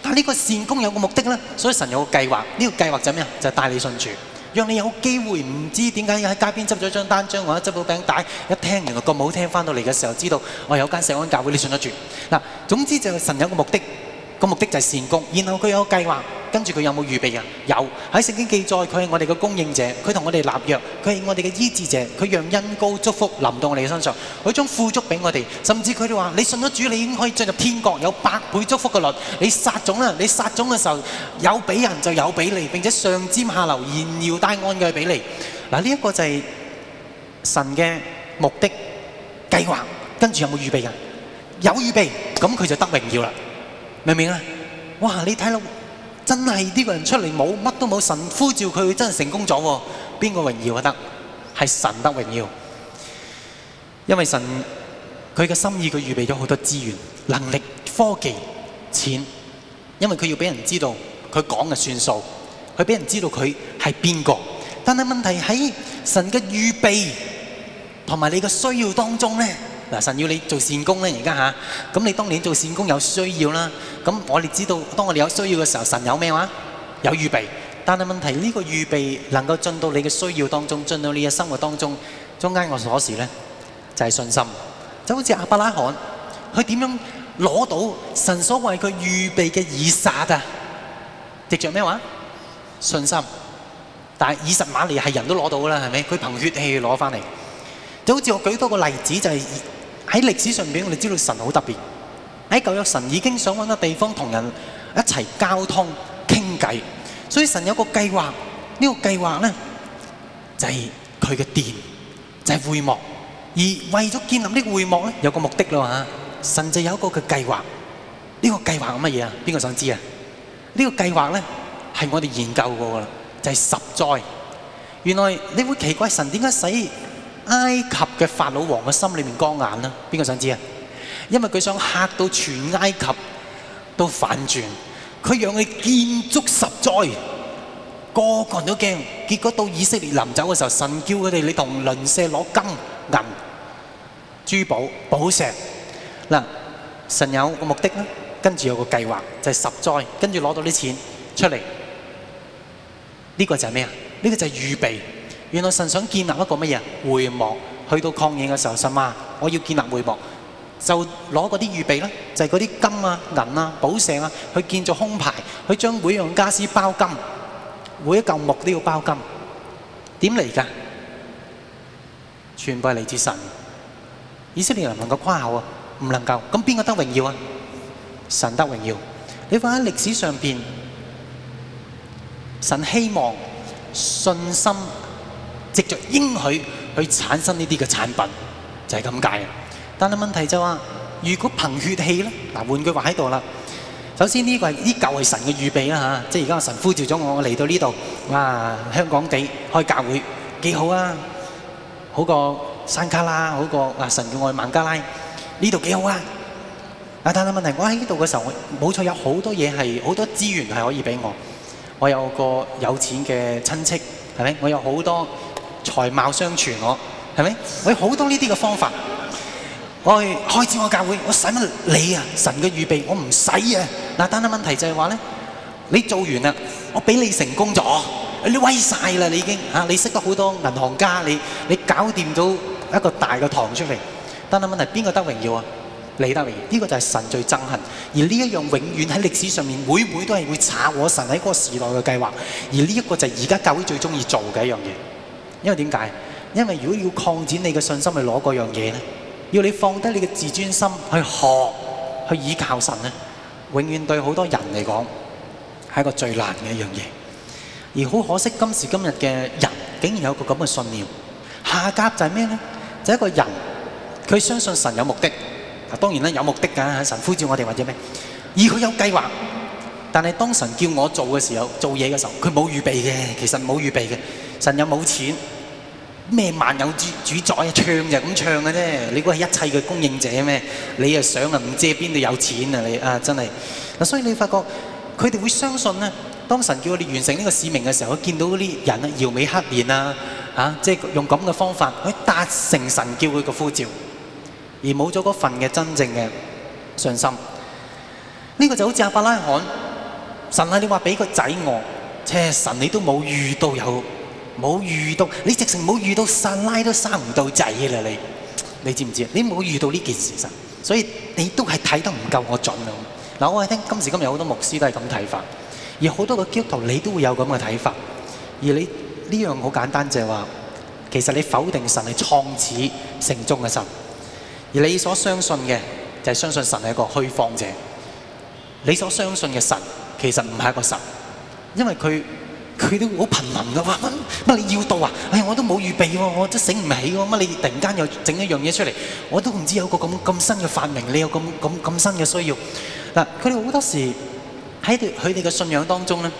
但係呢個善工有個目的咧，所以神有個計劃。呢、這個計劃就係咩啊？就係、是、帶你信主，讓你有機會，唔知點解喺街邊執咗張單張，或者執到餅帶，一聽原來咁好聽，翻到嚟嘅時候知道，我有間社安教會，你信得住。嗱，總之就係神有個目的。個目的就係善工，然後佢有個計劃，跟住佢有冇預備人？有，喺聖經記載，佢係我哋嘅供應者，佢同我哋立約，佢係我哋嘅醫治者，佢讓恩膏祝福臨到我哋嘅身上，佢將富足俾我哋，甚至佢哋話：你信咗主，你已經可以進入天國，有百倍祝福嘅率。你撒種啦，你撒種嘅時候有俾人就有俾你，並且上尖下流，連搖帶按嘅俾你。嗱，呢一個就係神嘅目的計劃，跟住有冇預備人？有預備，咁佢就得榮耀啦。明唔明啊？哇！你睇到真係呢個人出嚟冇乜都冇，神呼召佢，真係成功咗。邊個榮耀得？係神得榮耀。因為神佢嘅心意，佢預備咗好多資源、能力、科技、錢。因為佢要俾人知道的，佢講嘅算數，佢俾人知道佢係邊個。但係問題喺神嘅預備同埋你嘅需要當中咧。嗱，神要你做善功咧，而家嚇，咁你當年做善功有需要啦，咁我哋知道，當我哋有需要嘅時候，神有咩話？有預備，但係問題呢個預備能夠進到你嘅需要當中，進到你嘅生活當中，中間個鎖匙咧就係信心，就好似亞伯拉罕，佢點樣攞到神所為佢預備嘅以撒啊？藉著咩話？信心。但係以實瑪利係人都攞到啦，係咪？佢憑血氣攞翻嚟。就好似我舉多個例子就係。喺歷史上邊，我哋知道神好特別。喺舊約，神已經想揾個地方同人一齊交通傾偈，所以神有個計劃。呢個計劃咧，就係佢嘅殿，就係會幕。而為咗建立呢個會幕咧，有個目的啦吓。神就有一個嘅計劃。呢個計劃乜嘢啊？邊個想知啊？呢個計劃咧，係我哋研究過噶啦，就係十災。原來你會奇怪神點解死？埃及嘅法老王嘅心裏面光眼啦，邊個想知啊？因為佢想吓到全埃及都反轉，佢讓佢建築十災，個個人都驚。結果到以色列臨走嘅時候，神叫佢哋你同鄰舍攞金銀珠寶寶石。嗱，神有個目的啦，跟住有個計劃就係十災，跟住攞到啲錢出嚟。呢個就係咩啊？呢個就係預備。原來神想建立一個乜嘢啊？會幕去到曠野嘅時候，神話，我要建立會幕，就攞嗰啲預備啦，就係嗰啲金啊、銀啊、寶石啊，去建造胸牌，去將每樣家私包金，每一塊木都要包金，點嚟噶？全部係嚟自神。以色列人能夠誇口啊？唔能夠，咁邊個得榮耀啊？神得榮耀。你放喺歷史上邊，神希望信心。藉着應許去產生呢啲嘅產品，就係咁解。但係問題就話，是，如果憑血氣咧，嗱，換句話喺度啦。首先呢個係依舊係神嘅預備啦嚇，即係而家神呼召咗我嚟到呢度啊，香港地開教會幾好啊，好過山卡拉，好過啊神叫我去孟加拉呢度幾好啊。啊，但係問題我喺呢度嘅時候，我冇錯有好多嘢係好多資源係可以俾我，我有個有錢嘅親戚係咪？我有好多。才貌相傳我，我係咪？我好多呢啲嘅方法，哎、始我去開展我教會，我使乜你啊？神嘅預備，我唔使啊！嗱，單單問題就係話咧，你做完啦，我俾你成功咗，你威晒啦！你已經嚇，你識得好多銀行家，你你搞掂到一個大嘅堂出嚟，單單問題邊個得榮耀啊？你得榮耀，呢、呢個就係神最憎恨，而呢一樣永遠喺歷史上面每，每每都係會查我神喺嗰個時代嘅計劃，而呢一個就係而家教會最中意做嘅一樣嘢。因為點解？因為如果要擴展你嘅信心去攞嗰樣嘢呢，要你放低你嘅自尊心去學，去倚靠神呢，永遠對好多人嚟講係一個最難嘅一樣嘢。而好可惜，今時今日嘅人竟然有個噉嘅信念，下甲就係咩呢？就係一個人佢相信神有目的。嗱，當然啦，有目的㗎，神呼召我哋或者咩？以佢有計劃，但係當神叫我做嘅時候，做嘢嘅時候，佢冇預備嘅，其實冇預備嘅。神有冇錢？咩萬有主宰？唱就咁唱嘅啫！你估係一切嘅供應者咩？你啊想啊唔知邊度有錢、啊、你、啊、真係！所以你發覺佢哋會相信當當神叫我哋完成呢個使命嘅時候，我見到嗰啲人啊，搖尾乞憐啊嚇，即、就、係、是、用咁嘅方法去達成神叫佢嘅呼召，而冇咗嗰份嘅真正嘅信心。呢、這個就好似阿伯拉罕，神啊，你話俾個仔我，嗟神你都冇遇到有。冇遇到，你直情冇遇到神，撒拉都生唔到仔啦！你，你知唔知啊？你冇遇到呢件事實，所以你都係睇得唔夠我的。我準咯。嗱，我哋聽今時今日有好多牧師都係咁睇法，而好多個基督徒你都會有咁嘅睇法。而你呢樣好簡單就係、是、話，其實你否定神係創始、成終嘅神，而你所相信嘅就係、是、相信神係一個虛謊者。你所相信嘅神其實唔係一個神，因為佢。佢哋好貧民㗎嘛，乜乜你要到啊？哎呀，我都冇預備喎，我真醒唔起喎，乜你突然間又整一樣嘢出嚟？我都唔知有個咁咁新嘅發明，你有咁咁咁新嘅需要。嗱，佢哋好多時喺佢哋嘅信仰當中咧，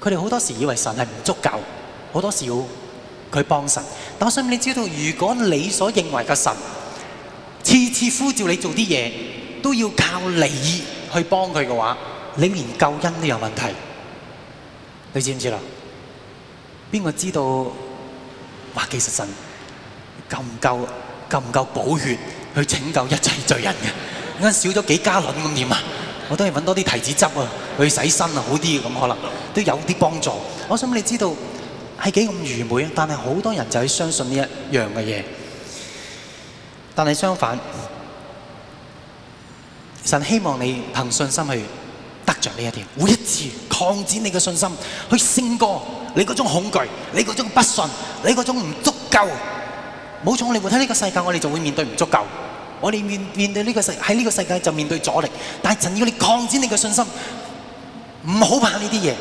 佢哋好多時以為神係唔足夠，好多時要佢幫神。但我想你知道，如果你所認為嘅神次次呼召你做啲嘢，都要靠你去幫佢嘅話，你連救恩都有問題。你知唔知喇邊個知道？哇！其實神夠唔夠？夠唔夠補血去拯救一切罪人嘅？啱少咗幾加倫咁點呀？我都係搵多啲提子汁啊，去洗身啊，好啲嘅咁可能都有啲幫助。我想你知道係幾咁愚昧，但係好多人就係相信呢一樣嘅嘢。但係相反，神希望你憑信心去。得著呢一點，每一次擴展你嘅信心，去勝過你嗰種恐懼，你嗰種不信，你嗰種唔足夠。冇錯，我哋活喺呢個世界，我哋就會面對唔足夠，我哋面面對呢個世喺呢個世界就面對阻力。但係神要你擴展你嘅信心，唔好怕呢啲嘢。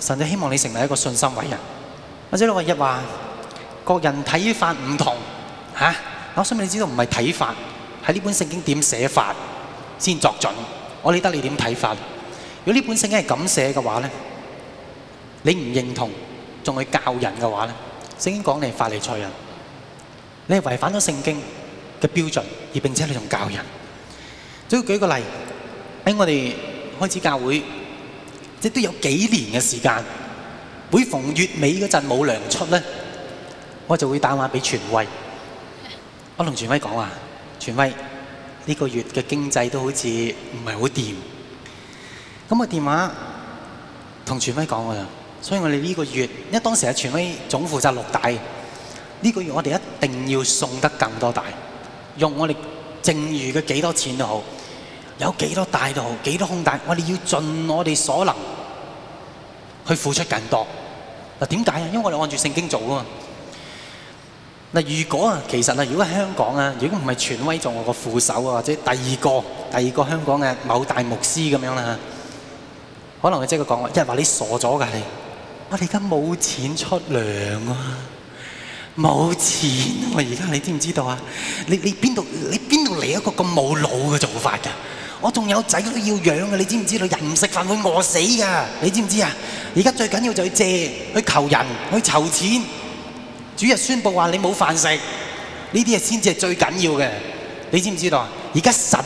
神就希望你成為一個信心偉人。或者你話一話，個人睇法唔同嚇。我想畀你知道唔係睇法，喺呢本聖經點寫法先作準？我理得你點睇法？如果呢本聖經係咁寫嘅話咧，你唔認同仲去教人嘅話咧，聖經講你係法利賽人，你係違反咗聖經嘅標準，而並且你仲教人。只要舉個例，喺我哋開始教會，即係都有幾年嘅時間，每逢月尾嗰陣冇糧出咧，我就會打電話俾傳偉。我同傳偉講話，傳偉。呢、這個月嘅經濟都好似唔係好掂，咁我電話同全輝講啊，所以我哋呢個月因為當時啊，全輝總負責錄帶，呢、這個月我哋一定要送得更多帶，用我哋剩餘嘅幾多少錢都好，有幾多帶都好，幾多少空帶，我哋要盡我哋所能去付出更多。嗱點解啊？因為我哋按住聖經做嘛。如果啊，其實啊，如果香港啊，如果唔係權威做我個副手啊，或者第二個、第二個香港嘅某大牧師咁樣啦，可能佢即刻講話，一話你傻咗㗎，你我哋而家冇錢出糧啊，冇錢我而家你知唔知道啊？你你邊度你邊度嚟一個咁冇腦嘅做法㗎？我仲有仔都要養㗎，你知唔知道？人唔食飯會餓死㗎，你知唔知啊？而家最緊要就係去借、去求人、去籌錢。主日宣布話你冇飯食，呢啲嘢先至係最緊要嘅。你知唔知道啊？而家神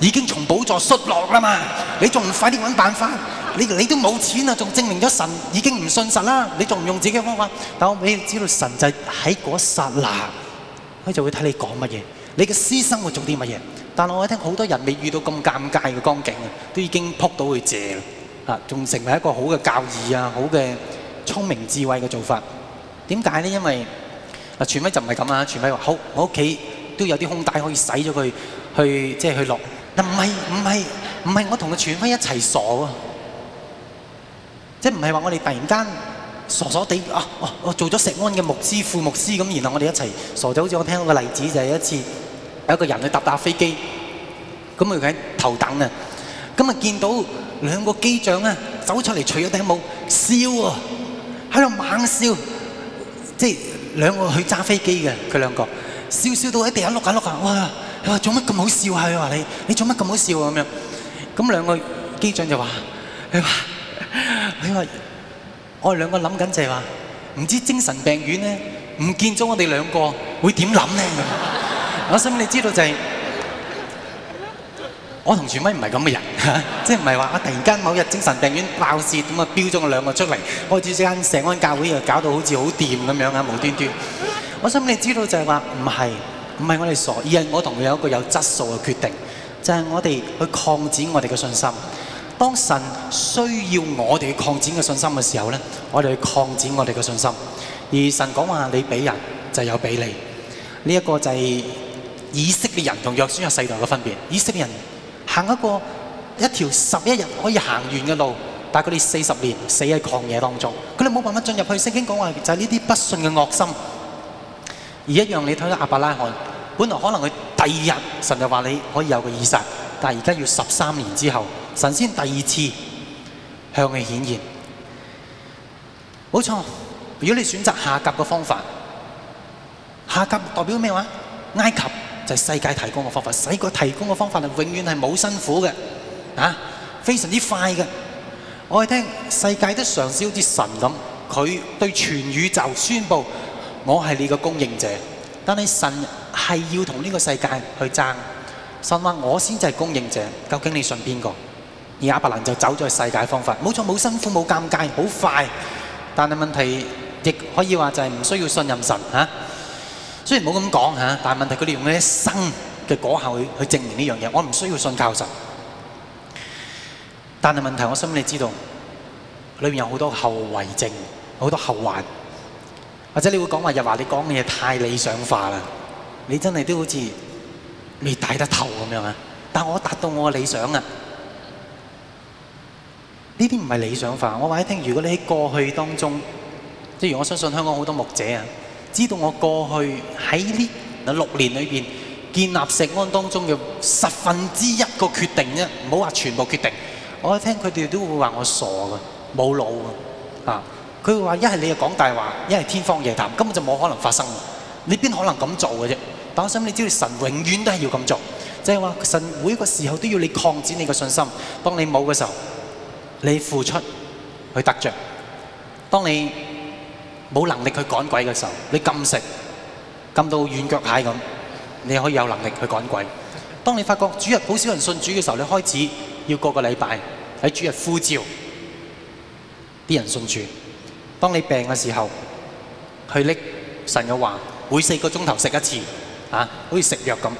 已經從寶座摔落啦嘛！你仲唔快啲揾辦法？你你都冇錢啊，仲證明咗神已經唔信實啦！你仲唔用自己嘅方法？但我俾你知道，神就喺嗰剎那，佢就會睇你講乜嘢，你嘅私生活做啲乜嘢。但係我一聽好多人未遇到咁尷尬嘅光景啊，都已經撲到去借啦啊！仲成為一個好嘅教義啊，好嘅聰明智慧嘅做法。點解咧？因為嗱，傳輝就唔係咁啦，傳輝話：好，我屋企都有啲空帶可以使咗佢，去即係去落。嗱，唔係唔係唔係，我同個傳輝一齊傻喎，即係唔係話我哋突然間傻傻地啊！哦，我做咗石安嘅牧師副牧師咁，然後我哋一齊傻咗。好似我聽到個例子就係有一次有個人去搭架飛機，咁佢喺頭等啊，咁啊見到兩個機長咧走出嚟除咗頂帽笑啊，喺度猛笑，即係。兩個去揸飛機嘅，佢兩個笑笑到喺地下碌緊碌緊，哇！佢話做乜咁好笑啊？佢話你，你做乜咁好笑啊？咁樣，咁兩個機長就話：佢話，佢話，我哋兩個諗緊就係話，唔知精神病院呢，唔見咗我哋兩個會點諗呢？我想你知道就係。我同全妹唔係咁嘅人，人 (laughs) 即係唔係話我突然間某日精神病院爆竊咁啊，標咗我兩個出嚟，我住之間成安教會又搞到好似好掂咁樣啊，無端端。我想你知道就係話唔係唔係我哋傻，而係我同佢有一個有質素嘅決定，就係、是、我哋去擴展我哋嘅信心。當神需要我哋去擴展嘅信心嘅時候咧，我哋去擴展我哋嘅信心。而神講話你俾人就是、有俾你，呢、這、一個就係以色列人同約書亞嘅世代嘅分別。以色列人。行一個一條十一日可以行完嘅路，但係佢哋四十年死喺曠野當中，佢哋冇辦法進入去。聖經講話就係，呢啲不信嘅惡心，而一樣你睇到阿伯拉罕，本來可能佢第二日神就話你可以有個以撒，但係而家要十三年之後，神仙第二次向你顯現。冇錯，如果你選擇夏甲嘅方法，夏甲代表咩話？埃及。就係、是、世界提供嘅方法，世界提供嘅方法咧，永遠係冇辛苦嘅，啊，非常之快嘅。我哋聽世界都嘗試好似神咁，佢對全宇宙宣佈：我係你個供應者。但係神係要同呢個世界去爭，神話我先至係供應者。究竟你信邊個？而亞伯蘭就走咗去世界方法，冇錯，冇辛苦，冇尷尬，好快。但係問題亦可以話就係唔需要信任神嚇。雖然冇咁講嚇，但係問題佢哋用嗰啲生嘅果效去去證明呢樣嘢，我唔需要信靠神。但係問題，我心你知道，裏面有好多後遺症，好多後患。或者你會講話日華你講嘅嘢太理想化啦，你真係都好似未大得頭咁樣啊！但我達到我嘅理想啊，呢啲唔係理想化。我話你聽，如果你喺過去當中，即係我相信香港好多牧者啊。知道我過去喺呢六年裏邊建立錫安當中嘅十分之一個決定啫，唔好話全部決定。我一聽佢哋都會話我傻㗎，冇腦㗎啊！佢會話一係你又講大話，一係天方夜譚，根本就冇可能發生。你邊可能咁做嘅啫？但我想你知道，神永遠都係要咁做，即係話神每個時候都要你擴展你嘅信心。當你冇嘅時候，你付出去得著。當你冇能力去趕鬼嘅時候，你禁食禁到軟腳蟹咁，你可以有能力去趕鬼。當你發覺主日好少人信主嘅時候，你開始要個個禮拜喺主日呼召啲人信主。當你病嘅時候，去拎神嘅話，每四個鐘頭食一次啊，好似食藥咁。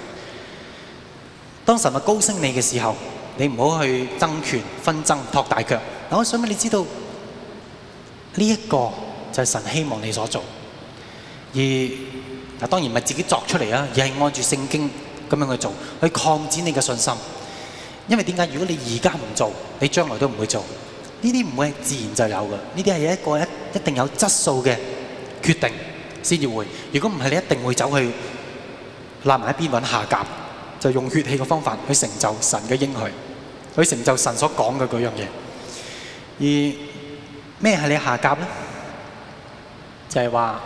當神物高升你嘅時候，你唔好去爭權紛爭，托大腳。我想俾你知道呢一個。就係神希望你所做，而嗱當然唔係自己作出嚟啊，而係按住聖經咁樣去做，去擴展你嘅信心。因為點解？如果你而家唔做，你將來都唔會做。呢啲唔會自然就有嘅。呢啲係一個一一定有質素嘅決定先至會。如果唔係，你一定會走去立埋一邊揾下夾，就用血氣嘅方法去成就神嘅應許，去成就神所講嘅嗰樣嘢。而咩係你下夾咧？就係話，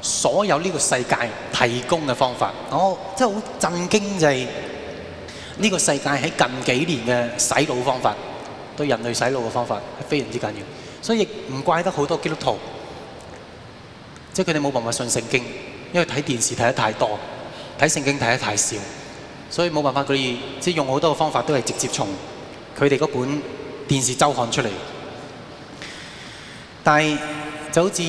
所有呢個世界提供嘅方法，我真係好震驚！就係呢個世界喺近幾年嘅洗腦方法，對人類洗腦嘅方法係非常之緊要。所以亦唔怪得好多基督徒，即係佢哋冇辦法信聖經，因為睇電視睇得太多，睇聖經睇得太少，所以冇辦法佢哋即係用好多嘅方法，都係直接從佢哋嗰本電視周刊出嚟。但係就好似，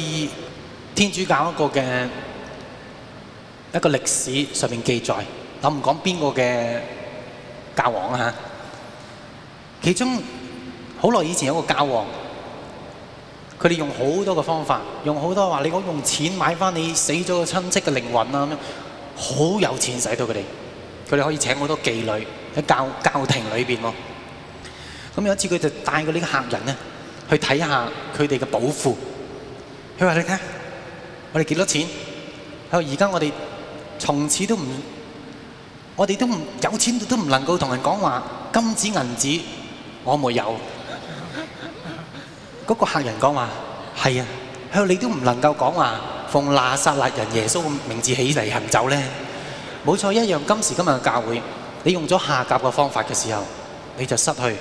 天主教一個嘅一個歷史上面記載，我唔講邊個嘅教王啊，其中好耐以前有一個教王，佢哋用好多個方法，用好多話，你講用錢買翻你死咗嘅親戚嘅靈魂啊，好有錢使到佢哋。佢哋可以請好多妓女喺教廷裏面。咁有一次佢就帶個呢個客人咧，去睇下佢哋嘅寶庫，佢話你睇。我哋幾多錢？喺度，而家我哋從此都唔，我哋都唔有錢都都唔能夠同人講話，金子銀子我沒有。嗰個客人講話，係啊，喺度你都唔能夠講話奉拿撒勒人耶穌嘅名字起嚟行走咧。冇錯，一樣今時今日嘅教會，你用咗下夾嘅方法嘅時候，你就失去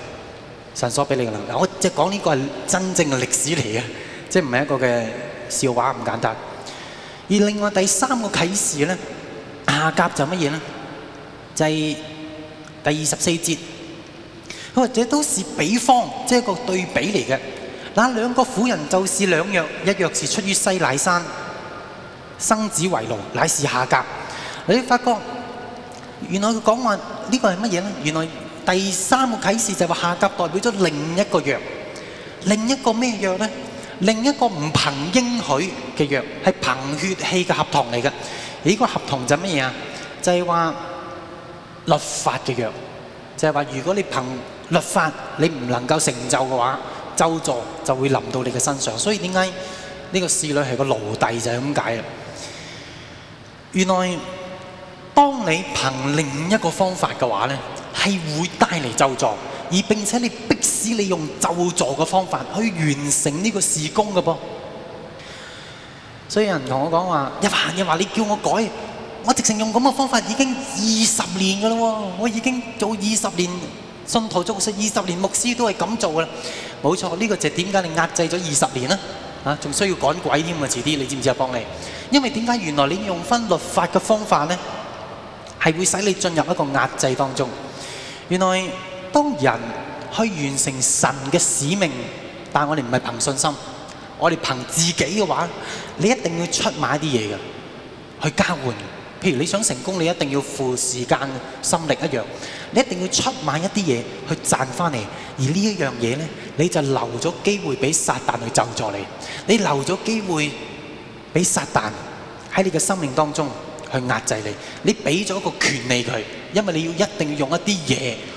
神所俾你嘅能力。我即係講呢個係真正嘅歷史嚟嘅，即係唔係一個嘅笑話唔簡單。而另外第三個啟示咧，下甲就乜嘢咧？就係第二十四節，佢話，這都是比方，即係個對比嚟嘅。那兩個婦人就是兩藥，一藥是出於西乃山，生子為奴，乃是下甲。你發覺原來佢講話呢個係乜嘢咧？原來第三個啟示就話下甲代表咗另一個藥，另一個咩藥咧？另一個唔憑應許嘅藥，係憑血氣嘅合同嚟嘅。呢個合同就係咩嘢啊？就係話律法嘅藥，就係話如果你憑律法你唔能夠成就嘅話，咒詛就會臨到你嘅身上。所以點解呢個侍女係個奴隸就係咁解啊？原來當你憑另一個方法嘅話咧，係會帶嚟咒詛，而並且你逼。知你用就坐嘅方法去完成呢個事工嘅噃，所以有人同我講話：，一話一話，你叫我改，我直情用咁嘅方法已經二十年嘅咯，我已經做二十年信徒做過，二十年牧師都係咁做啦。冇錯，呢個就點解你壓制咗二十年啦？啊，仲需要趕鬼添啊！遲啲你知唔知啊？幫你，因為點解原來你用分律法嘅方法咧，係會使你進入一個壓制當中。原來當人。去完成神嘅使命，但係我哋唔係憑信心，我哋憑自己嘅話，你一定要出賣一啲嘢嘅，去交換。譬如你想成功，你一定要付時間、心力一樣，你一定要出賣一啲嘢去賺翻嚟。而呢一樣嘢咧，你就留咗機會俾撒但去救助你，你留咗機會俾撒但喺你嘅生命當中去壓制你，你俾咗一個權利佢，因為你要一定要用一啲嘢。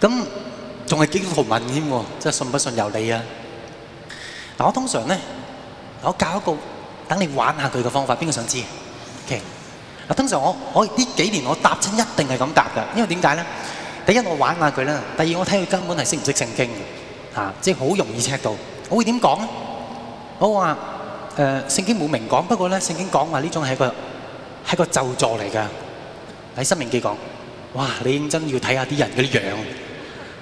咁仲係幾好問添喎？即係信不信由你啊！嗱，我通常咧，我教一個等你玩下佢嘅方法，邊個想知？OK，嗱，通常我我呢幾年我答親一定係咁答㗎，因為點解咧？第一我玩下佢啦，第二我睇佢根本係識唔識聖經嘅，嚇，即係好容易 check 到。我會點講咧？我話誒聖經冇明講，不過咧聖經講話呢種係個係個咒詛嚟㗎。喺申命記講，哇！你認真要睇下啲人嗰啲樣。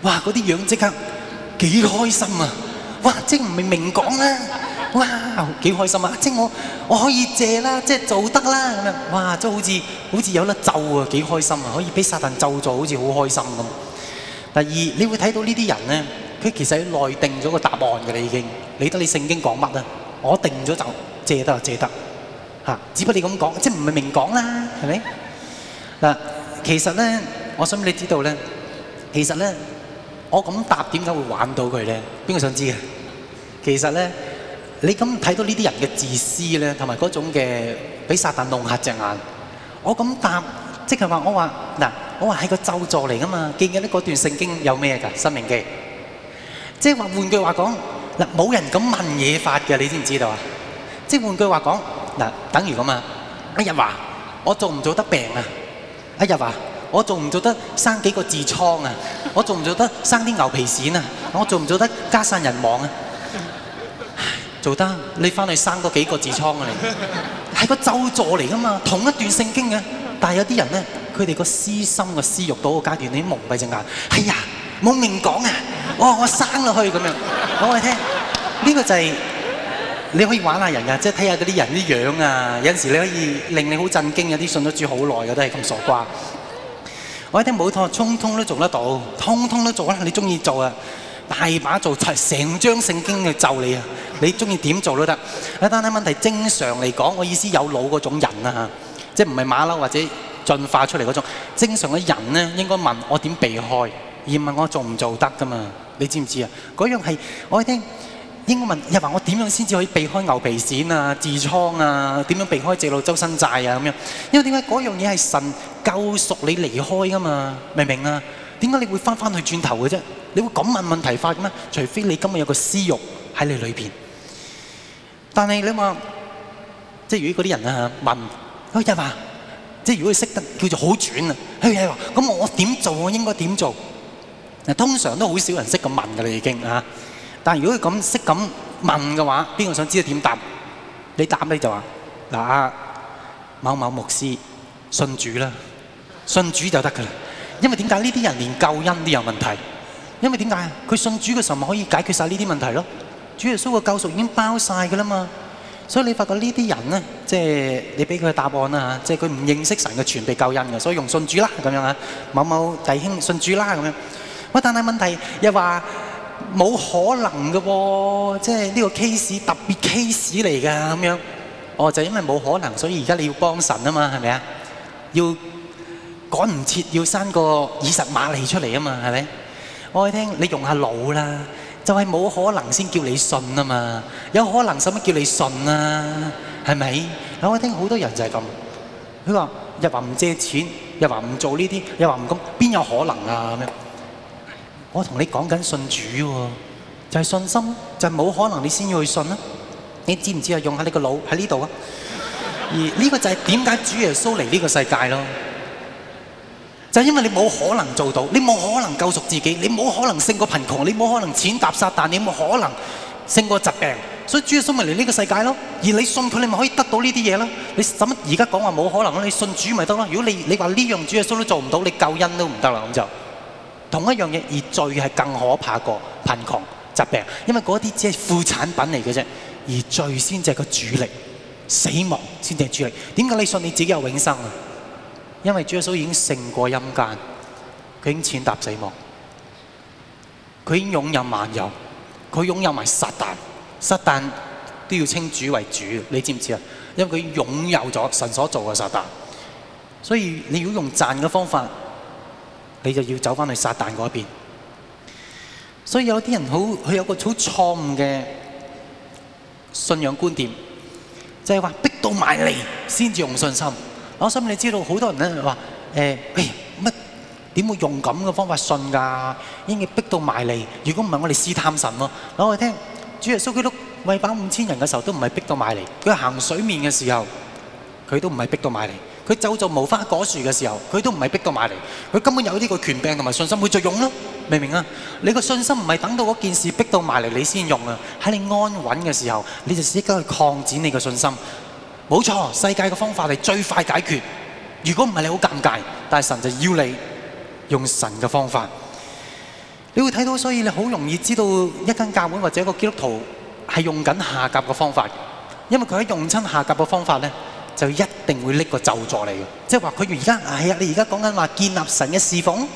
哇！嗰啲樣即刻幾開心啊！哇！即唔係明講啦，哇！幾開心啊！即我我可以借啦，即做得啦咁樣。哇！都好似好似有得咒啊，幾開心啊！可以俾撒旦咒咗，好似好開心咁。第二，你會睇到呢啲人咧，佢其實喺內定咗個答案嘅啦，已經理得你聖經講乜啊，我定咗就借得就借得嚇，只不過你咁講，即唔係明講啦，係咪嗱？其實咧，我想你知道咧，其實咧。我咁答，點解會玩到佢咧？邊個想知嘅？其實咧，你咁睇到呢啲人嘅自私咧，同埋嗰種嘅俾撒旦弄瞎隻眼。我咁答，即係話我話嗱，我話係個咒助嚟噶嘛。記得呢嗰段聖經有咩㗎？申命記，即係話換句話講嗱，冇人咁問嘢法㗎，你知唔知道啊？即係換句話講嗱，等於咁啊！阿日華，我做唔做得病啊？阿日華。我做唔做得生幾個痔瘡啊？我做唔做得生啲牛皮癬啊？我做唔做得家散人亡啊？做得，你翻去生嗰幾個痔瘡啊？你係個咒詛嚟噶嘛，同一段聖經嘅。但係有啲人咧，佢哋個私心個私欲到個階段，你蒙蔽隻眼。哎呀，冇明講啊！我話，我生落去咁樣，講嚟聽。呢個就係你可以玩下人噶，即係睇下嗰啲人啲樣啊。有陣時你可以令你好震驚，有啲信咗主好耐，嗰都係咁傻瓜。我聽冇錯，通通都做得到，通通都做啦！你中意做啊，大把做齊，成張聖經去咒你啊！你中意點做都得。但係問題正常嚟講，我意思有腦嗰種人啊，嚇，即係唔係馬騮或者進化出嚟嗰種正常嘅人咧，應該問我點避開，而問我做唔做得噶嘛？你知唔知啊？嗰樣係我聽。應該問日華我點樣先至可以避開牛皮癬啊、痔瘡啊？點樣避開借到周身債啊？咁樣，因為點解嗰樣嘢係神救贖你離開噶嘛？明唔明啊？點解你會翻返去轉頭嘅啫？你會咁問問題法嘅咩？除非你今日有個私欲喺你裏邊。但係你話，即係如果嗰啲人啊問，日華，即係如果你識得叫做好轉啊，佢又話咁我點做？我應該點做？嗱、啊，通常都好少人識咁問噶啦，你已經啊。但如果佢咁識咁問嘅話，邊個想知道點答？你答咧就話嗱啊某某牧師信主啦，信主就得噶啦。因為點解呢啲人連救恩都有問題？因為點解啊？佢信主嘅時候咪可以解決曬呢啲問題咯。主耶穌嘅救贖已經包曬噶啦嘛。所以你發覺呢啲人咧，即係你俾佢答案啊，即係佢唔認識神嘅全備救恩嘅，所以用信主啦咁樣啊。某某弟兄信主啦咁樣。喂，但係問題又話。冇可能嘅喎，即係呢個 case 特別 case 嚟㗎咁樣。哦，就因為冇可能，所以而家你要幫神啊嘛，係咪啊？要趕唔切，要生個以實瑪利出嚟啊嘛，係咪？我聽你用下腦啦，就係冇可能先叫你信啊嘛。有可能使乜叫你信啊？係咪？我聽好多人就係咁，佢話又話唔借錢，又話唔做呢啲，又話唔咁，邊有可能啊咁樣？我同你講緊信主喎，就係信心，就係冇可能你先要去信啦。你知唔知啊？用下你個腦喺呢度啊！而呢個就係點解主耶穌嚟呢個世界咯？就係因為你冇可能做到，你冇可能救贖自己，你冇可能勝過貧窮，你冇可能踐踏撒旦，但你冇可能勝過疾病。所以主耶穌咪嚟呢個世界咯。而你信佢，你咪可以得到呢啲嘢咯。你怎而家講話冇可能咯？你信主咪得咯。如果你你話呢樣主耶穌都做唔到，你救恩都唔得啦咁就。同一樣嘢，而罪係更可怕的過貧窮、疾病，因為嗰啲只係副產品嚟嘅啫，而罪先係個主力，死亡先係主力。點解你信你自己有永生？因為主耶穌已經勝過陰間，佢已經踐踏死亡，佢已經擁有萬有，佢擁有埋撒但，撒但都要稱主為主，你知唔知道？因為佢擁有咗神所做嘅撒旦，所以你要用賺嘅方法。你就要走返去撒旦嗰邊，所以有啲人好，佢有個好錯誤嘅信仰觀點，就係話逼到埋嚟先至用信心。我想你知道，好多人咧話：誒，哎，乜點會用咁嘅方法信㗎？應該逼到埋嚟。如果唔係，我哋試探神咯。嗱，我哋聽，主耶穌基督餵飽五千人嘅時候都唔係逼到埋嚟，佢行水面嘅時候，佢都唔係逼到埋嚟。佢咒詛無花果樹嘅時候，佢都唔係逼到埋嚟，佢根本有呢個權柄同埋信心，佢就用咯，明唔明啊？你個信心唔係等到嗰件事逼到埋嚟你先用啊，喺你安穩嘅時候，你就即刻去擴展你個信心。冇錯，世界嘅方法係最快解決。如果唔係你好尷尬，但係神就要你用神嘅方法。你會睇到，所以你好容易知道一間教會或者一個基督徒係用緊下夾嘅方法，因為佢喺用親下夾嘅方法咧。就一定會拎個咒助你，嘅，即係話佢而家，哎呀，你而家講緊話建立神嘅侍奉，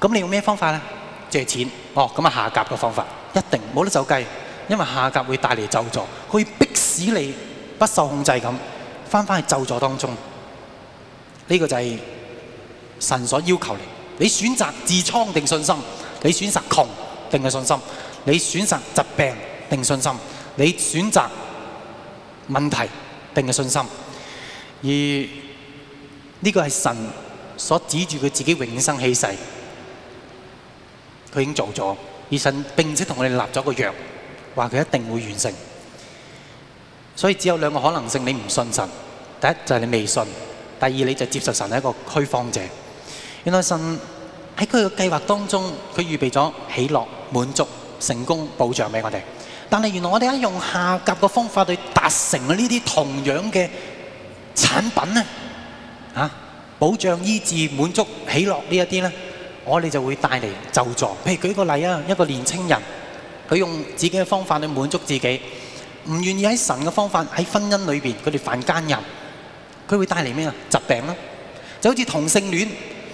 咁你用咩方法咧？借錢？哦咁啊夏甲嘅方法，一定冇得走雞，因為夏甲會帶嚟咒助，佢會迫使你不受控制咁翻翻去咒助當中。呢、這個就係神所要求你，你選擇自瘡定信心，你選擇窮定係信，信心，你選擇疾病定信心，你選擇。你選擇問題定係信心，而呢個係神所指住佢自己永生起誓，佢已經做咗，而神並且同我哋立咗個約，話佢一定會完成。所以只有兩個可能性，你唔信神，第一就係你未信，第二你就是接受神係一個虛謊者。原來神喺佢嘅計劃當中，佢預備咗喜樂、滿足、成功、保障俾我哋。但係，原來我哋用下夾嘅方法去達成這呢啲同樣嘅產品呢、啊、保障、醫治、滿足喜樂這些呢一啲我哋就會帶嚟咒詛。譬如舉個例啊，一個年輕人佢用自己嘅方法去滿足自己，唔願意喺神嘅方法喺婚姻裏面。佢哋犯奸淫，佢會帶嚟咩麼疾病？就好似同性戀，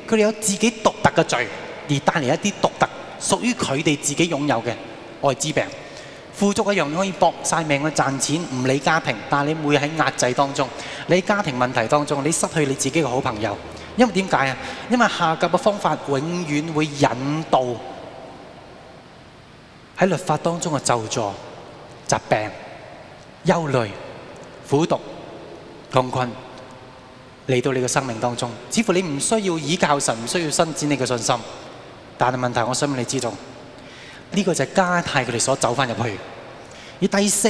佢哋有自己獨特嘅罪，而帶嚟一啲獨特屬於佢哋自己擁有嘅愛滋病。富足一樣可以搏晒命去賺錢，唔理家庭，但係你會喺壓制當中，你家庭問題當中，你失去你自己嘅好朋友。因為點解啊？因為夏甲嘅方法永遠會引導喺律法當中嘅咒詛、疾病、憂慮、苦毒、窮困嚟到你嘅生命當中。似乎你唔需要倚靠神，唔需要伸展你嘅信心，但係問題，我想問你知道。呢個就係加泰佢哋所走翻入去。而第四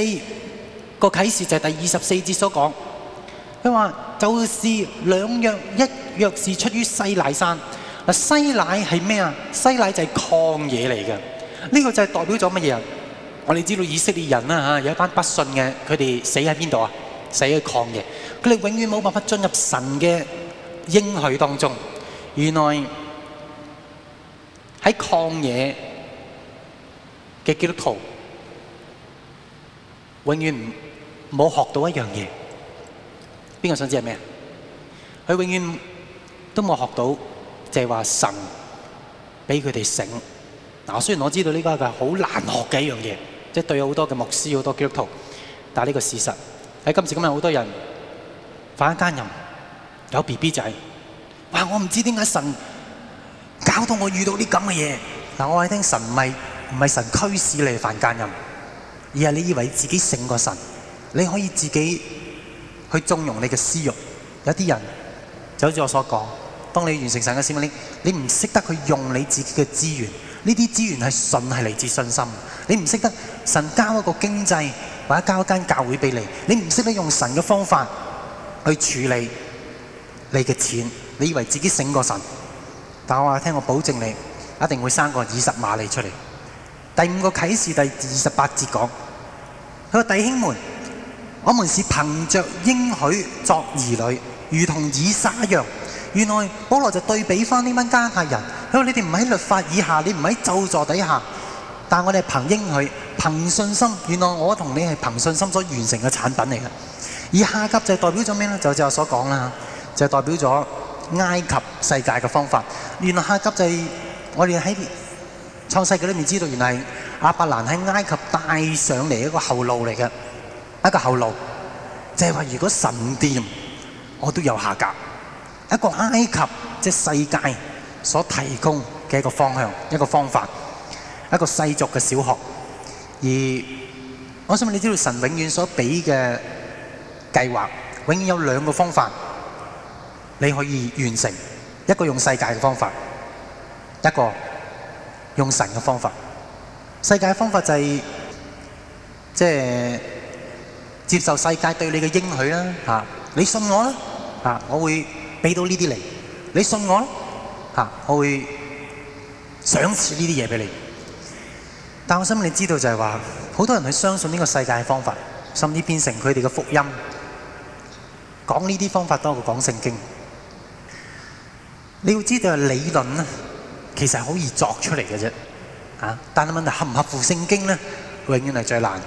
個啟示就係第二十四節所講，佢話：就是兩約一約是出於西乃山。嗱，西乃係咩啊？西乃就係曠野嚟嘅。呢個就係代表咗乜嘢？我哋知道以色列人啦嚇，有一班不信嘅，佢哋死喺邊度啊？死喺曠野，佢哋永遠冇辦法進入神嘅應許當中。原來喺曠野。嘅基督徒永遠冇學到一樣嘢，邊個想知道咩？佢永遠都冇學到就是說，就係話神俾佢哋醒。雖雖然我知道呢個係好難學嘅一樣嘢，即、就、係、是、對好多嘅牧師、好多基督徒，但係呢個事實喺今時今日，好多人犯奸淫，有 B B 仔，話我唔知點解神搞到我遇到咁嘅嘢。嗱，我係聽神謎。唔係神驅使你係凡間人，而係你以為自己勝過神，你可以自己去縱容你嘅私欲。有啲人就好似我所講，當你完成神嘅使命，你唔識得去用你自己嘅資源，呢啲資源係信係嚟自信心。你唔識得神交一個經濟或者交一間教會畀你，你唔識得用神嘅方法去處理你嘅錢。你以為自己勝過神，但我話聽，我保證你一定會生個以實瑪利出嚟。第五個啟示第二十八節講：佢話弟兄們，我們是憑着應許作兒女，如同以撒一樣。原來保羅就對比翻呢班加太人，佢話你哋唔喺律法以下，你唔喺咒座底下，但我哋係憑應許、憑信心。原來我同你係憑信心所完成嘅產品嚟嘅。而夏甲就代表咗咩呢？就正如我所講啦，就係代表咗埃及世界嘅方法。原來夏甲就係我哋喺。創世紀啲未知道，原來亞伯蘭喺埃及帶上嚟一個後路嚟嘅，一個後路，就係話如果神殿我都有下格，一個埃及即係世界所提供嘅一個方向、一個方法、一個世俗嘅小學。而我想問，你知道神永遠所俾嘅計劃，永遠有兩個方法，你可以完成一個用世界嘅方法，一個。用神嘅方法，世界的方法就是、就是、接受世界對你嘅應許啦，你信我啦、啊，我會俾到呢啲你，你信我啦、啊，我會賞賜呢啲嘢俾你。但我想你知道就是話，好多人去相信呢個世界嘅方法，甚至變成佢哋嘅福音，講呢啲方法多過講聖經。你要知道理論啊。其實好易作出嚟嘅啫，啊！但係問題合唔合乎聖經咧，永遠係最難的，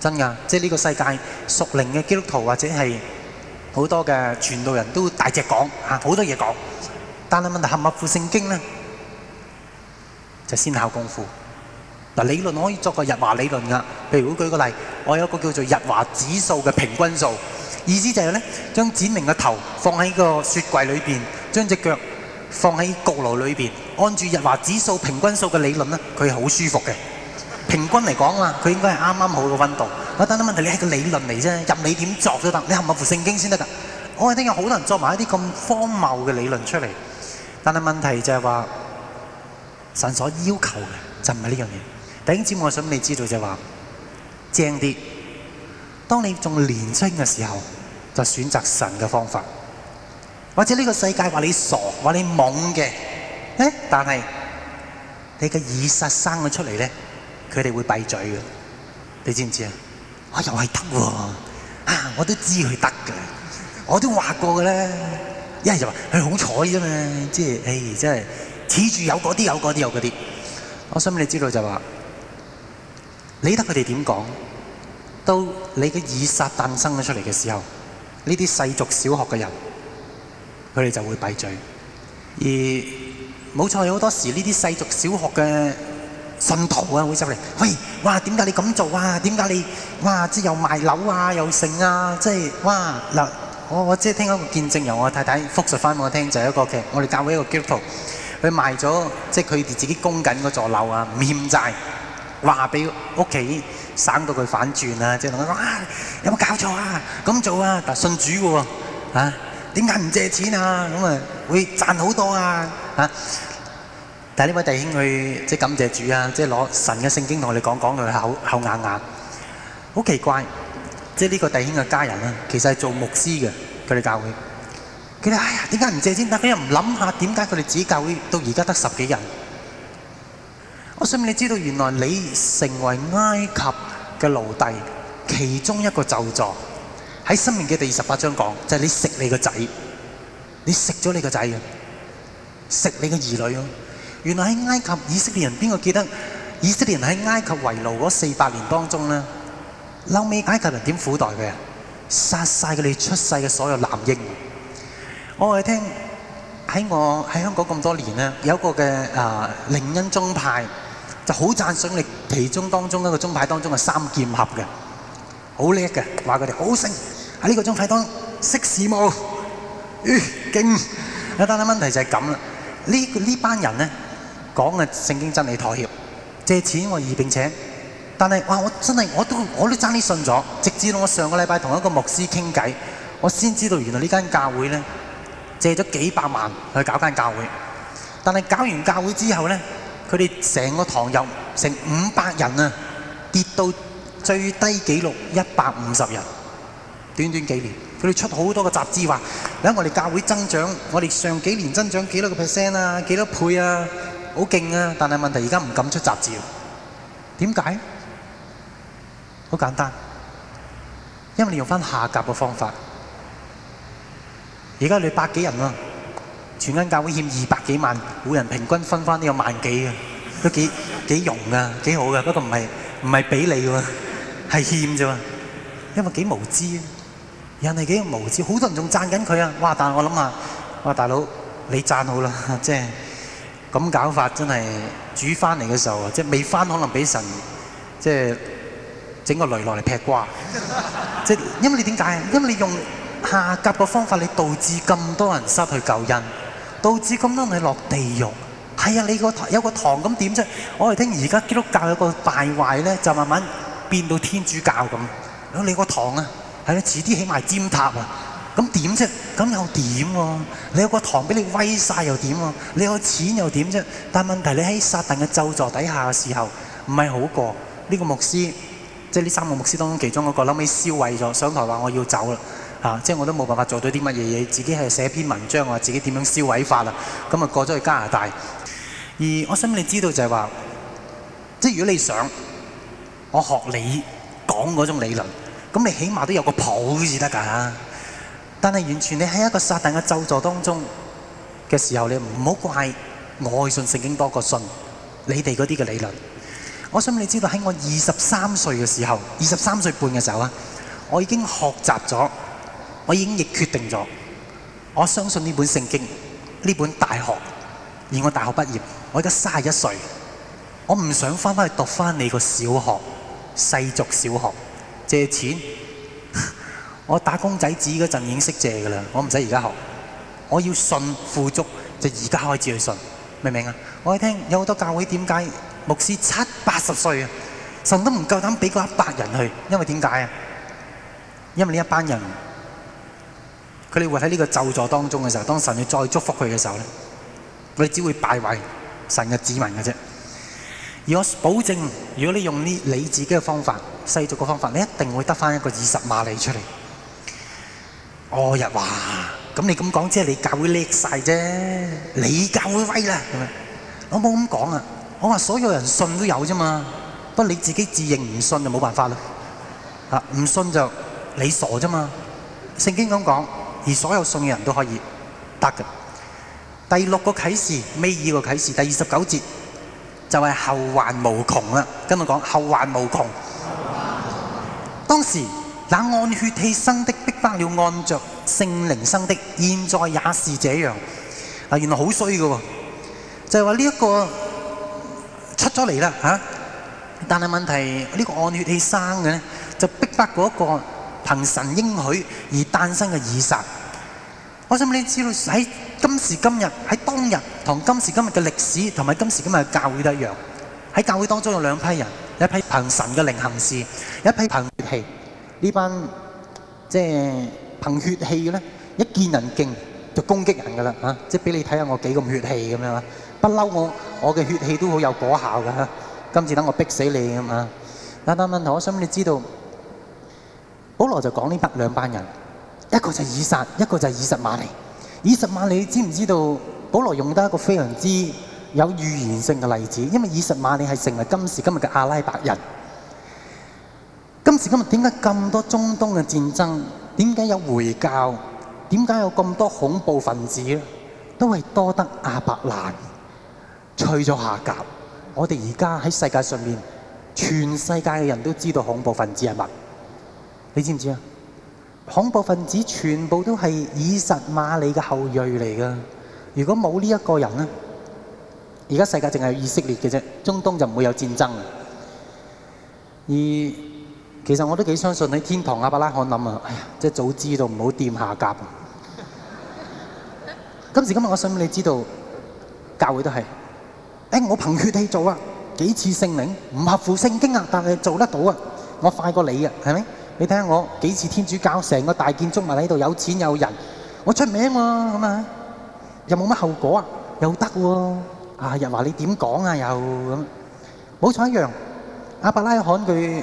真噶。即係呢個世界，屬靈嘅基督徒或者係好多嘅傳道人都大隻講，啊，好多嘢講。但係問題合唔合乎聖經咧，就是、先考功夫。嗱，理論可以作個日華理論噶。譬如我舉個例，我有一個叫做日華指數嘅平均數，意思就係咧，將展明嘅頭放喺個雪櫃裏邊，將隻腳。放喺焗爐裏面，按住日華指數平均數嘅理論呢，佢好舒服嘅。平均嚟講啊，佢應該係啱啱好嘅溫度。但等等問題是，你係個理論嚟啫，任你點作都得，你合唔合符聖經先得噶？我聽有好多人作埋一啲咁荒謬嘅理論出嚟，但係問題就係話神所要求嘅就唔係呢樣嘢。頂尖，我想你知道就話正啲。當你仲年輕嘅時候，就選擇神嘅方法。或者呢個世界話你傻，話你懵嘅、欸，但係你嘅以撒生咗出嚟呢，佢哋會閉嘴㗎。你知唔知我、啊、又係得喎，我都知佢得㗎。我都話過㗎咧。一係就話佢好彩啫嘛，即係誒，真係似住有嗰啲有嗰啲有嗰啲。我想俾你知道就話、是，理得佢哋點講，到你嘅以撒誕生咗出嚟嘅時候，呢啲世俗小學嘅人。佢哋就會閉嘴，而冇錯，有好多時呢啲世俗小學嘅信徒啊，會入嚟。喂，哇，點解你咁做啊？點解你哇？即係又賣樓啊，又剩啊，即係哇嗱！我我即係聽一個見證由我太太復述翻我聽，就係一個嘅，我哋教會一個基督徒，佢賣咗即係佢哋自己供緊嗰座樓啊，唔欠債，話俾屋企省到佢反轉啊！即係同佢講啊，有冇搞錯啊？咁做啊，但係信主嘅喎，啊！點解唔借錢啊？咁啊會賺好多啊！吓，但係呢位弟兄去即係感謝主啊，即係攞神嘅聖經同我哋講講佢口口硬硬，好奇怪！即係呢個弟兄嘅家人啊，其實係做牧師嘅，佢哋教佢，佢哋哎呀，點解唔借錢？但佢又唔諗下點解佢哋只教會到而家得十幾人？我想畀你知道，原來你成為埃及嘅奴隸其中一個咒詛。喺《申命記》嘅第二十八章講，就係你食你個仔，你食咗你個仔嘅，食你嘅兒女啊！原來喺埃及以色列人，邊個記得以色列人喺埃及為奴嗰四百年當中咧，後尾埃及人點苦待佢？殺曬佢哋出世嘅所有男嬰。我話你聽喺我喺香港咁多年咧，有一個嘅啊靈恩宗派就好讚賞你其中當中一個宗派當中嘅三劍俠嘅，好叻嘅，話佢哋好勝。呢、這個鐘快當識事務，咦、呃、勁！但係問題就係咁啦。呢呢班人呢講嘅聖經真理妥協借錢為義，並且，但係哇！我真係我都我都爭啲信咗。直至到我上個禮拜同一個牧師傾偈，我先知道原來呢間教會咧借咗幾百萬去搞間教會，但係搞完教會之後咧，佢哋成個堂有成五百人啊，跌到最低紀錄一百五十人。短短幾年，佢哋出好多個雜誌話，你睇我哋教會增長，我哋上幾年增長幾多個 percent 啊，幾多倍啊，好勁啊！但係問題而家唔敢出雜誌，點解？好簡單，因為你用返下格嘅方法。而家你百幾人啊，全間教會欠二百幾萬，每人平均分返都有萬幾嘅，都幾幾融啊，幾好啊。不過唔係唔係俾你喎，係欠啫喎，因為幾無知啊。人哋幾無知，好多人仲讚緊佢啊！哇！但係我諗下，哇！大佬你讚好啦，即係咁搞法真係煮翻嚟嘅時候，即係未翻可能俾神即係整個雷落嚟劈瓜。即 (laughs) 係因為你點解啊？因為你用下夾嘅方法，你導致咁多人失去救恩，導致咁多人落地獄。係啊，你個堂有個堂咁點啫？我哋聽而家基督教有個敗壞咧，就慢慢變到天主教咁。你個堂啊？係咯，遲啲起埋尖塔啊！咁點啫？咁又點喎？你有個堂俾你威晒又點喎？你有錢又點啫？但問題你喺撒旦嘅咒助底下嘅時候，唔係好過呢個牧師，即係呢三個牧師當中其中一個，後尾燒毀咗上台話我要走啦嚇，即係我都冇辦法做到啲乜嘢嘢，自己係寫篇文章話自己點樣燒毀法啦。咁啊過咗去加拿大，而我想你知道就係話，即係如果你想我學你講嗰種理論。咁你起碼都有個譜先得噶，但係完全你喺一個撒旦嘅咒詛當中嘅時候，你唔好怪我信聖經多過信你哋嗰啲嘅理論。我想你知道喺我二十三歲嘅時候，二十三歲半嘅時候啊，我已經學習咗，我已經亦決定咗，我相信呢本聖經，呢本大學。而我大學畢業，我而家三十一歲，我唔想翻翻去讀翻你個小學，世俗小學。借錢， (laughs) 我打工仔子嗰陣已經識借噶啦，我唔使而家學。我要信富足，就而家開始去信，明唔明啊？我哋聽有好多教會點解牧師七八十歲啊，神都唔夠膽畀嗰一百人去，因為點解啊？因為呢一班人，佢哋活喺呢個咒詛當中嘅時候，當神要再祝福佢嘅時候咧，佢哋只會敗壞神嘅子民嘅啫。而我保證，如果你用呢你自己嘅方法。世俗個方法，你一定會得翻一個二十馬里出嚟、哦。我日華，咁你咁講，即係你教會叻晒啫，你教會威啦。我冇咁講啊，我話所有人信都有啫嘛，不過你自己自認唔信就冇辦法啦。啊，唔信就你傻啫嘛。聖經咁講，而所有信嘅人都可以得嘅。第六個啟示,示，尾二個啟示，第二十九節就係、是、後患無窮啦。今日講後患無窮。當時，那按血氣生的逼迫了按着聖靈生的，現在也是這樣。原來好衰㗎。就係話呢個出咗嚟啦，但係問題呢，這個按血氣生嘅呢，就逼迫嗰個憑神應許而誕生嘅以撒。我想你知道，喺今時今日，喺當日同今時今日嘅歷史，同埋今時今日嘅教會都一樣。喺教會當中有兩批人，一批憑神嘅靈行事，一批憑血氣。呢班即係、就係、憑血氣嘅咧，一見人勁就攻擊人噶啦嚇，即係俾你睇下我幾咁血氣咁樣嚇。不嬲我，我嘅血氣都好有果效噶嚇、啊。今次等我逼死你咁啊！等等問題，我想你知道，保羅就講呢班兩班人，一個就係以撒，一個就係以實瑪利。以實瑪利你知唔知道？保羅用得一個非常之，有預言性嘅例子，因為以實馬利係成為今時今日嘅阿拉伯人。今時今日點解咁多中東嘅戰爭？點解有回教？點解有咁多恐怖分子？都係多得阿伯蘭吹咗下夾。我哋而家喺世界上面，全世界嘅人都知道恐怖分子係乜？你知唔知道？恐怖分子全部都係以實馬利嘅後裔嚟㗎。如果冇呢一個人而家世界淨係有以色列嘅啫，中東就唔會有戰爭嘅。而其實我都幾相信喺天堂阿伯拉罕諗啊，即係早知道唔好掂夏甲。今時今日我想俾你知道，教會都係，誒我憑血氣做啊，幾次聖靈唔合乎聖經啊，但係做得到啊，我快過你啊，係咪？你睇下我幾次天主教成個大建築物喺度，有錢有人，我出名喎，係咪？又冇乜後果啊，又得喎。啊！又話你點講啊？又咁冇錯一樣。亞伯拉罕佢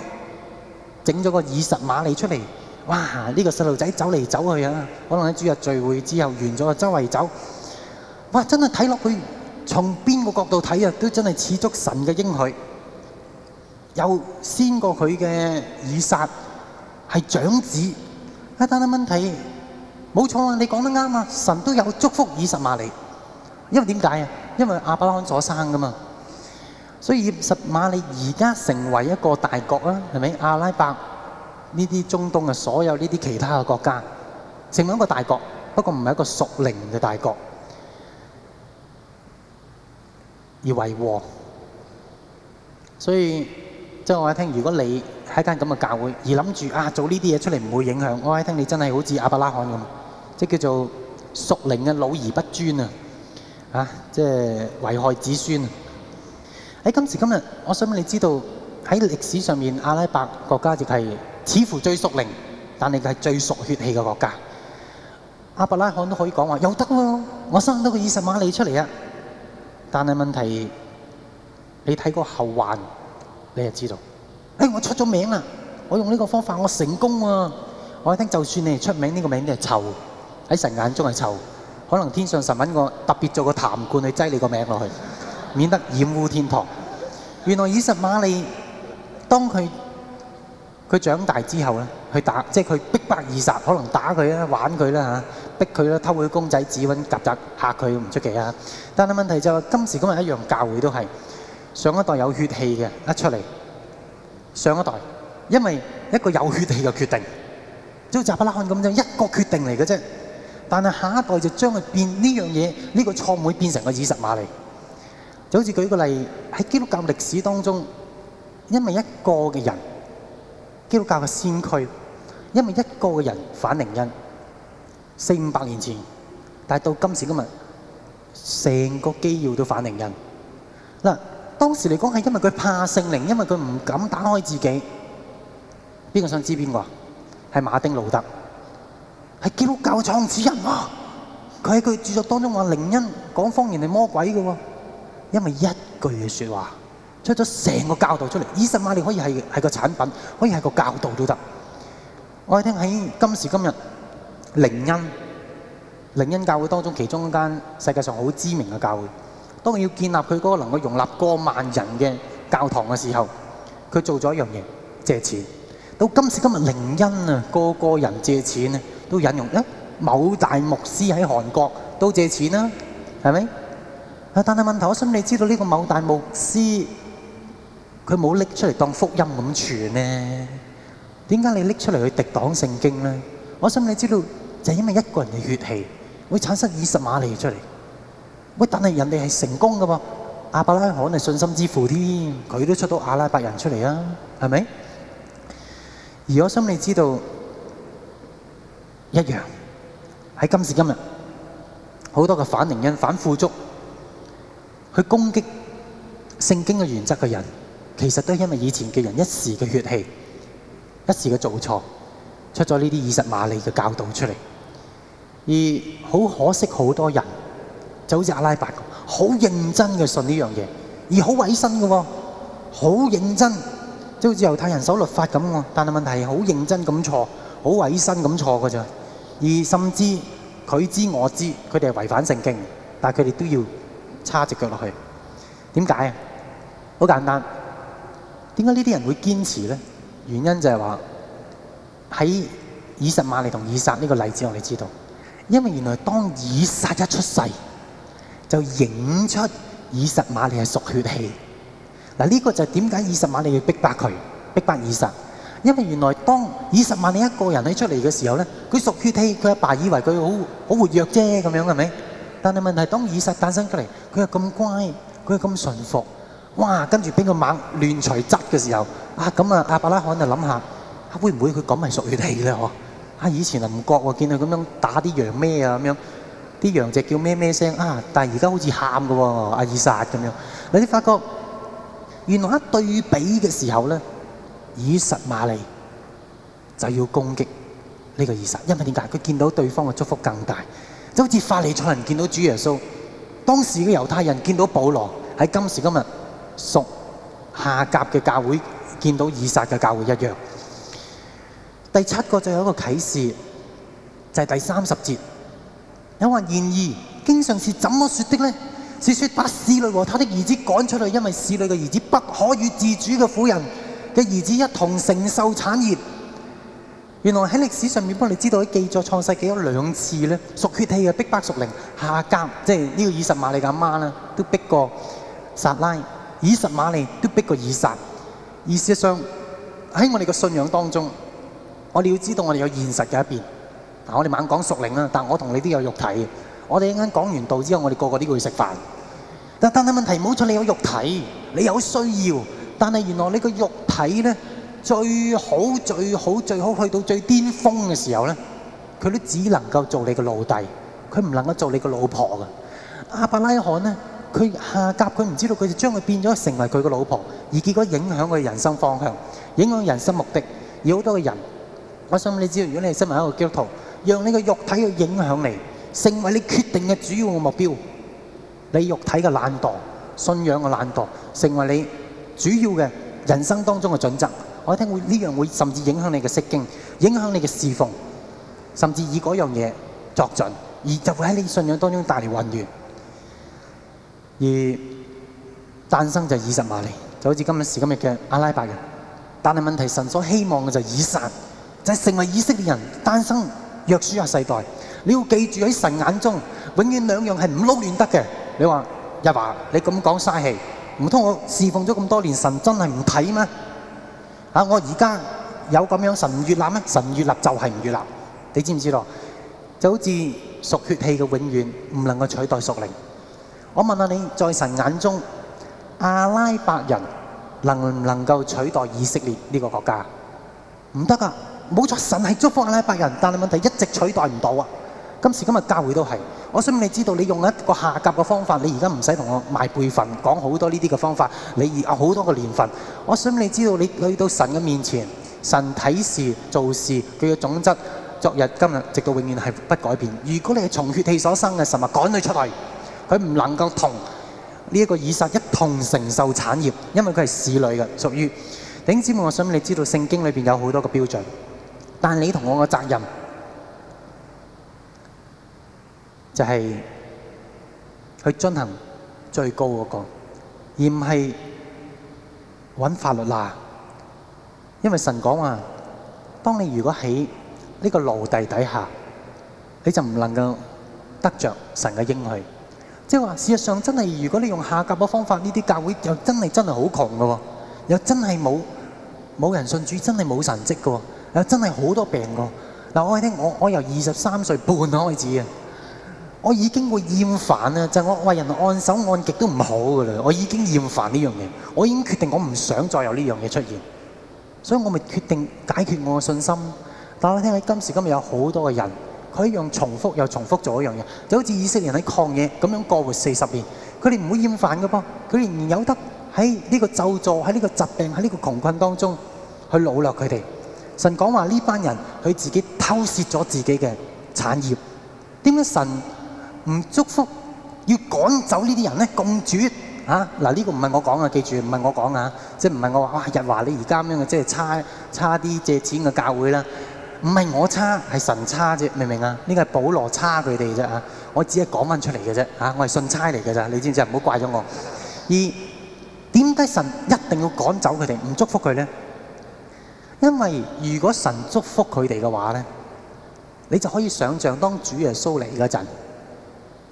整咗個以實瑪利出嚟，哇！呢個細路仔走嚟走去啊，可能喺主日聚會之後完咗，周圍走哇，真係睇落去，從邊個角度睇啊，都真係似足神嘅應許，又先過佢嘅以撒係長子。啊，但係問題冇錯啊，你講得啱啊，神都有祝福以實瑪利，因為點解啊？因為亞伯拉罕所生㗎嘛，所以實馬利而家成為一個大國啦，啊，係咪？阿拉伯呢啲中東嘅所有呢啲其他嘅國家成為一個大國，不過唔係一個屬靈嘅大國，而為禍。所以即係我一聽，如果你喺間咁嘅教會而諗住啊做呢啲嘢出嚟唔會影響，我一聽你真係好似亞伯拉罕咁，即叫做屬靈嘅老而不尊啊！啊、即係危害子孫。喺、哎、今時今日，我想問你知道喺歷史上面，阿拉伯國家就係似乎最聰明，但係佢係最熟血氣嘅國家。亞伯拉罕都可以講話又得喎、啊，我生多個以實瑪利出嚟啊！但係問題，你睇個後患，你就知道。誒、哎，我出咗名啦，我用呢個方法，我成功啊！我一聽，就算你係出名，呢、呢個名就臭，喺神眼中係臭。可能天上神揾個特別做個壇罐去擠你個名落去，免得掩污天堂。原來以實瑪利，當佢佢長大之後咧，去打即係佢逼以撒，可能打佢啦、玩佢啦嚇，逼佢啦、偷佢公仔紙揾曱甴嚇佢唔出奇啊！但係問題就係、是、今時今日一樣，教會都係上一代有血氣嘅一出嚟，上一代，因為一個有血氣嘅決定，好似亞伯拉罕咁樣一個決定嚟嘅啫。但係下一代就將佢變呢樣嘢，呢個錯誤會變成個以實瑪利嚟。就好似舉個例，喺基督教歷史當中，因為一個嘅人，基督教嘅先驅，因為一個嘅人反靈恩，四五百年前，但係到今時今日，成個基要都反靈恩。嗱，當時嚟講係因為佢怕聖靈，因為佢唔敢打開自己。邊個想知邊個啊？係馬丁路德。係基督教創始人啊！佢喺佢著作當中話：靈恩講方言係魔鬼嘅喎，因為一句嘅説話出咗成個教導出嚟。二十萬你可以係係個產品，可以係個教導都得。我哋聽喺今時今日，靈恩靈恩教會當中，其中一間世界上好知名嘅教會，當要建立佢嗰個能夠容納過萬人嘅教堂嘅時候，佢做咗一樣嘢：借錢。到今時今日，靈恩啊，個個人借錢啊！都引用咧，某大牧師喺韓國都借錢啦，啊，係咪？但係問題，我想你知道呢個某大牧師，佢冇拎出嚟當福音咁傳、啊、呢？點解你拎出嚟去敵擋聖經咧？我想你知道，就係、因為一個人嘅血氣會產生二十馬力出嚟。喂，但係人哋係成功噶噃、啊，亞伯拉罕係信心之父添，佢都出到阿拉伯人出嚟啊，係咪？而我想你知道。一樣喺今時今日，好多嘅反靈恩反富足，去攻擊聖經嘅原則嘅人，其實都係因為以前嘅人一時嘅血氣，一時嘅做錯，出咗呢啲二十馬利嘅教導出嚟。而好可惜，好多人就好似亞伯拉罕，好認真嘅信呢樣嘢，而好委身嘅喎，好認真，即係好似猶太人守律法咁喎。但係問題係好認真咁錯，好委身咁錯嘅啫。而甚至佢知我知，佢哋係違反聖經，但他佢哋都要叉隻腳落去。點解啊？好簡單。點解呢啲人會堅持呢？原因就係話喺以實瑪利同以撒呢個例子，我哋知道。因為原來當以撒一出世，就認出以實瑪利係屬血氣。嗱，呢個就係點解以實瑪利要逼迫佢、逼迫以撒。因為原來當以撒萬你一個人喺出嚟嘅時候咧，佢屬於你，佢阿爸以為佢好好活躍啫咁樣，係咪？但係問題當以撒誕生出嚟，佢又咁乖，佢又咁順服，哇！跟住畀個猛亂馴質嘅時候啊？咁啊，阿伯拉罕就諗下，嚇會唔會佢咁係屬於你咧？嗬！啊，以前鄰國見佢咁樣打啲羊咩啊咁樣，啲羊隻叫咩咩聲啊？但係而家好似喊嘅喎，阿以撒咁樣，你發覺原來一對比嘅時候咧。以實瑪利就要攻擊呢個以撒，因為點解？佢見到對方嘅祝福更大，就好似法利賽人見到主耶穌，當時嘅猶太人見到保羅，喺今時今日屬下甲嘅教會見到以撒嘅教會一樣。第七個就有一個啟示，就係、是、第三十節。有話然而經常是怎麼說的呢？是説把侍女和她的兒子趕出去，因為侍女嘅兒子不可與自主嘅婦人嘅兒子一同承受產業。原來喺歷史上面幫你知道喺記載創世紀有兩次咧，屬血氣嘅逼迫屬靈下監，即係呢個以實瑪利嘅媽啦都逼過撒拉；以實瑪利都逼過以撒。意思上喺我哋嘅信仰當中，我哋要知道我哋有現實嘅一邊。我哋猛講屬靈啦，但我同你都有肉體。我哋啱講完道之後，我哋個個都要去食飯。但係問題，冇錯，你有肉體，你有需要。但係原來你個肉體咧，最好最好最好去到最巔峰嘅時候咧，佢都只能夠做你個奴隸，佢唔能夠做你個老婆嘅。亞伯拉罕咧，佢下夾佢唔知道，佢就將佢變咗成為佢個老婆，而結果影響佢人生方向，影響人生目的。而好多嘅人，我想你知道，如果你係身為一個基督徒，讓你個肉體去影響你，成為你決定嘅主要嘅目標，你肉體嘅懶惰、信仰嘅懶惰，成為你。主要嘅人生當中嘅準則，我聽會呢樣會甚至影響你嘅釋經，影響你嘅侍奉，甚至以嗰樣嘢作準，而就會喺你信仰當中帶嚟混亂。而誕生就是以實瑪利，就好似今時今日嘅阿拉伯人。但係問題是神所希望嘅就是以撒，就是成為以色列人誕生約書亞世代。你要記住喺神眼中，永遠兩樣是唔撈亂得嘅。你說日華，你咁講嘥氣。唔通我侍奉咗咁多年，神真係唔睇咩？啊！我而家有咁樣神唔悅納咩？神悅納就係唔悅納，你知唔知道？就好似屬血氣嘅，永遠唔能夠取代屬靈。我問下你，在神眼中，阿拉伯人能唔能夠取代以色列呢個國家？唔得㗎，冇錯，神係祝福阿拉伯人，但係問題一直取代唔到啊！今時今日教會都係，我想你知道，你用一個下甲嘅方法，你而家唔使同我賣背份，講好多呢啲嘅方法，你而有好多嘅年份。我想你知道，你去到神嘅面前，神睇事做事，佢嘅種質，昨日今日直到永遠係不改變。如果你係從血氣所生嘅神物，趕佢出嚟，佢唔能夠同呢一個以撒一同承受產業，因為佢係市女嘅，屬於。弟兄姊妹，我想你知道，聖經裏邊有好多嘅標準，但你同我嘅責任。就係去進行最高嗰個，而唔係揾法律啦。因為神講話，當你如果喺呢個奴隸底下，你就唔能夠得着神嘅應許。即係話事實上真係，如果你用下格嘅方法，呢啲教會又真係真係好窮嘅，又真係冇冇人信主，真係冇神蹟嘅，又真係好多病嘅。嗱，我聽我我由二十三歲半開始我已經會厭煩啦，就係我為人按手按極都唔好噶啦，我已經厭煩呢樣嘢，我已經決定我唔想再有呢樣嘢出現，所以我咪決定解決我嘅信心。但我聽喺今時今日有好多嘅人，佢一樣重複又重複咗一樣嘢，就好似以色列人喺曠野咁樣過活四十年，佢哋唔會厭煩噶噃，佢仍然有得喺呢個咒詛、喺呢個疾病、喺呢個窮困當中去擄掠佢哋。神講話呢班人佢自己偷蝕咗自己嘅產業，點解神？唔祝福要趕走呢啲人呢？咁絕嚇嗱？呢、啊這個唔係我講啊，記住唔係我講啊，即唔係我話日華你而家咁樣，即係差差啲借錢嘅教會啦，唔、啊、係我差，係神差啫，明唔明啊？呢個係保羅差佢哋啫，我只係講返出嚟嘅、啊、我係信差嚟嘅咋，你知唔知啊？唔好怪咗我。二點解神一定要趕走佢哋，唔祝福佢呢？因為如果神祝福佢哋嘅話呢，你就可以想像當主耶穌嚟嗰陣。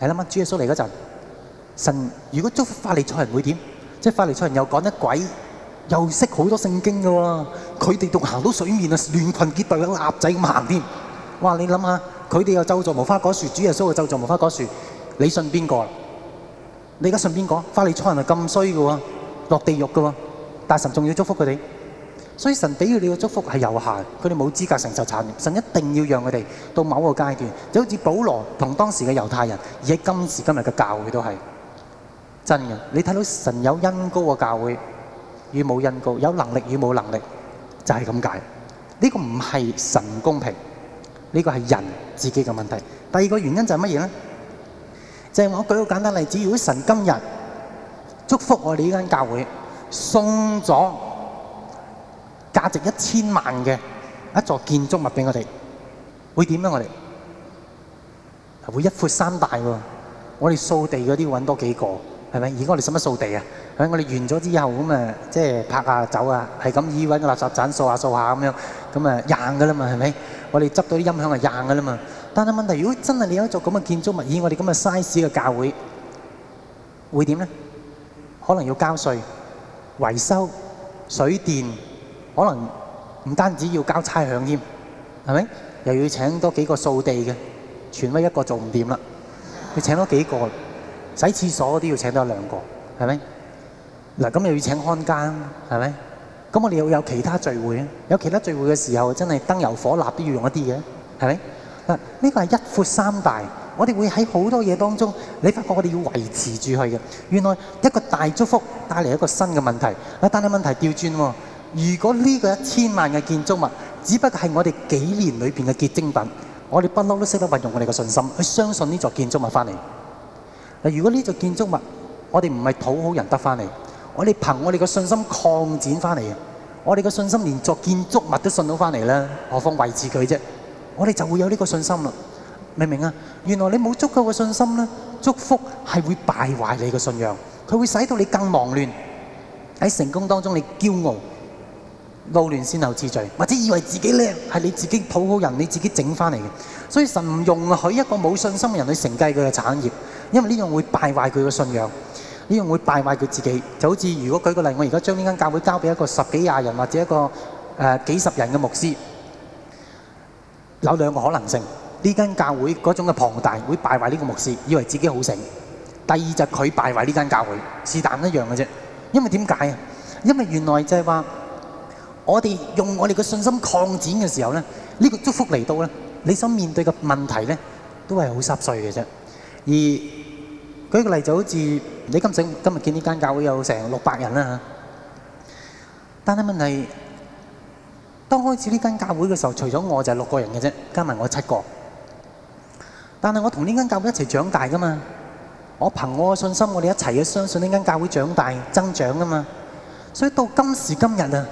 你諗下，主耶穌嚟嗰陣，神如果祝福法利賽人會點？即係法利賽人又講得鬼，又識好多聖經嘅喎，佢哋仲行到水面啊，聯群結隊，阿鴨仔咁行添。哇，你諗下，佢哋又咒詛無花果樹，主耶穌又咒詛無花果樹，你信邊個？你而家信邊個？法利賽人係咁衰嘅喎，落地獄嘅喎，但神仲要祝福佢哋。所以神畀予你嘅祝福係有限，佢哋冇資格承受產業。神一定要讓佢哋到某個階段，就好似保羅同當時嘅猶太人，而今時今日嘅教會都係真嘅。你睇到神有恩膏嘅教會與冇恩膏，有能力與冇能力，就係咁解。呢個唔係神唔公平，呢個係人自己嘅問題。第二個原因就係乜嘢呢？就係我舉個簡單例子，如果神今日祝福我哋呢間教會，送咗。價值一千萬嘅一座建築物俾我哋，會點咧？我哋會一闊三大喎。我哋掃地嗰啲要揾多幾個係咪？而家我哋使乜掃地啊？喺我哋完咗之後咁啊，即係拍下走啊，係咁意揾個垃圾鏟掃下掃下咁樣，咁啊贏噶啦嘛係咪？我哋執到啲音響係贏噶啦嘛。但係問題，如果真係你有一座咁嘅建築物，以我哋咁嘅 size 嘅教會，會點咧？可能要交稅、維修、水電。可能唔單止要交差餉添，係咪？又要請多幾個掃地嘅，全威一個做唔掂啦。要請多幾個洗廁所嗰啲，要請多兩個，係咪？嗱，咁又要請看更，係咪？咁我哋又有其他聚會啊，有其他聚會嘅時候，真係燈油火蠟都要用一啲嘅，係咪？嗱，呢個係一闊三大，我哋會喺好多嘢當中，你發覺我哋要維持住去嘅。原來一個大祝福帶嚟一個新嘅問題，但係問題調轉喎。如果呢個一千萬嘅建築物，只不過係我哋幾年裏面嘅結晶品，我哋不嬲都識得運用我哋嘅信心去相信呢座建築物翻嚟。如果呢座建築物，我哋唔係討好人得翻嚟，我哋憑我哋嘅信心擴展翻嚟，我哋嘅信心連座建築物都信到翻嚟啦，何況維持佢啫？我哋就會有呢個信心啦。明唔明啊？原來你冇足夠嘅信心呢，祝福係會敗壞你嘅信仰，佢會使到你更忙亂喺成功當中，你驕傲。暴亂、先後次序，或者以為自己叻，係你自己討好人，你自己整返嚟嘅。所以神唔容許一個冇信心嘅人去承繼佢嘅產業，因為呢樣會敗壞佢嘅信仰，呢樣會敗壞佢自己。就好似如果舉個例，我而家將呢間教會交畀一個十幾廿人或者一個誒、呃、幾十人嘅牧師，有兩個可能性：呢間教會嗰種嘅龐大會敗壞呢個牧師，以為自己好成；第二就佢敗壞呢間教會，是但一樣嘅啫。因為點解？因為原來就係話。我哋用我哋嘅信心擴展嘅時候咧，呢個祝福嚟到咧，你所面對嘅問題咧，都係好濕碎嘅啫。而舉個例，就好似你今時今日見呢間教會有成六百人啦嚇，但係問題，當開始呢間教會嘅時候，除咗我就係六個人嘅啫，加埋我七個。但係我同呢間教會一齊長大㗎嘛，我憑我嘅信心，我哋一齊去相信呢間教會長大增長㗎嘛。所以到今時今日啊～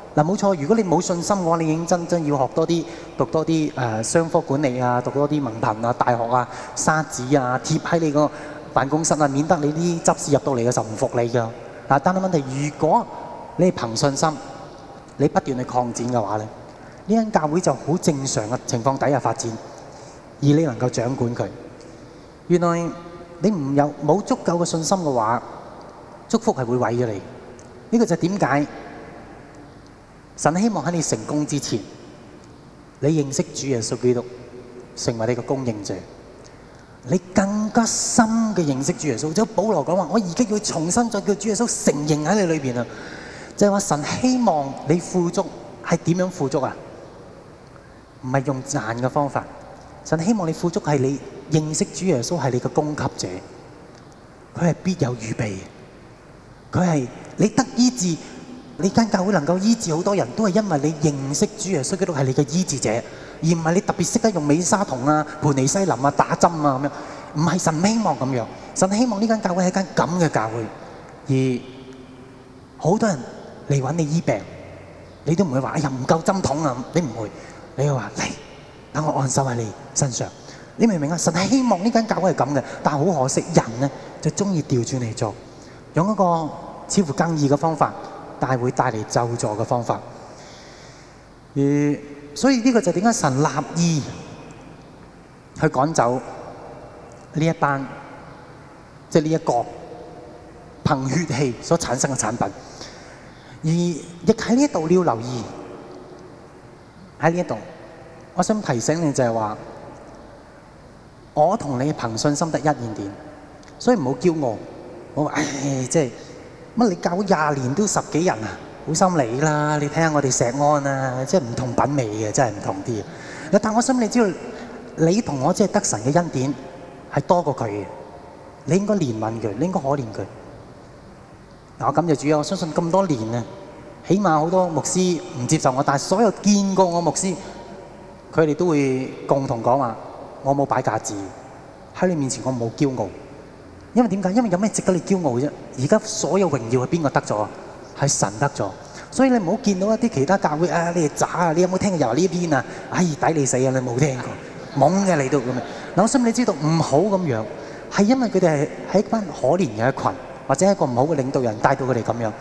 嗱，冇錯。如果你冇信心嘅話，你認真真要學多啲，讀多啲誒、呃、商科管理啊，讀多啲文憑啊，大學啊，沙紙啊，貼喺你個辦公室啊，免得你啲執事入到嚟嘅時候唔服你嘅。嗱，但係問題，如果你係憑信心，你不斷去擴展嘅話咧，呢間教會就好正常嘅情況底下發展，而你能夠掌管佢。原來你唔有冇足夠嘅信心嘅話，祝福係會毀咗你。呢、呢個就係點解。神希望喺你成功之前，你認識主耶穌基督，成為你個供應者。你更加深嘅認識主耶穌，就是、保羅講話我而家要重新再叫主耶穌承認喺你裏面。」就係話神希望你富足係點樣富足啊？唔係用賺嘅方法，神希望你富足係你認識主耶穌係你個供給者，佢係必有預備的，佢係你得醫治。你間教會能夠醫治好多人都係因為你認識主耶穌基督係你嘅醫治者，而唔係你特別識得用美沙酮啊、盤尼西林啊、打針啊咁樣。唔係神希望咁樣，神希望呢間教會係間咁嘅教會，而好多人嚟揾你醫病，你都唔會話，哎呀，唔夠針筒啊，你唔會，你會話，嚟等我按手喺你身上。你明唔明啊？神希望呢間教會係咁嘅，但係好可惜，人咧就中意調轉嚟做用一個似乎更易嘅方法。但係會帶嚟救助嘅方法，而、嗯、所以呢個就係點解神立意去趕走呢一班，即係呢一個憑血氣所產生嘅產品。而亦喺呢一度你要留意，喺呢一度，我想提醒你就係話，我同你嘅憑信心得一言點，所以唔好驕傲，唔好話，唉即係。你教二廿年都十幾人啊？好心你啦，你睇下我哋石安啊，即係唔同品味嘅，真係唔同啲。但我心你知道，你同我即係得神嘅恩典，係多過佢嘅。你應該憐憫佢，你應該可憐佢。我感就主啊！我相信咁多年啊，起碼好多牧師唔接受我，但係所有見過我的牧師，佢哋都會共同講話：我冇擺架子，喺你面前我冇驕傲。因為點解？因為有咩值得你驕傲啫？而家所有榮耀係邊個得咗？係神得咗。所以你唔好見到一啲其他教會啊，你係渣啊！你有冇聽過呢篇啊？唉，抵你死啊！你冇聽過，懵嘅你都咁樣。我想你知道唔好咁樣，係因為佢哋係係一班可憐嘅羣，或者一個唔好嘅領導人帶到佢哋咁樣。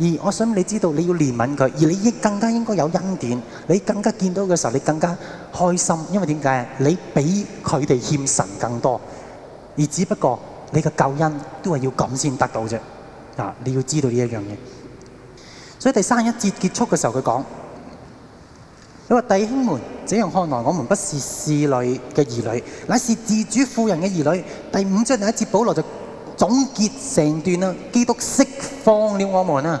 而我想你知道你要憐憫佢，而你應更加應該有恩典。你更加見到嘅時候，你更加開心，因為點解啊？你比佢哋欠神更多，而只不過。你嘅救恩都係要咁先得到啫，你要知道呢一樣嘢。所以第三一節結束嘅時候，佢講：你話弟兄們，這樣看來，我們不是侍女嘅兒女，乃是自主婦人嘅兒女。第五章第一節，保羅就總結成段啦，基督釋放了我們啦。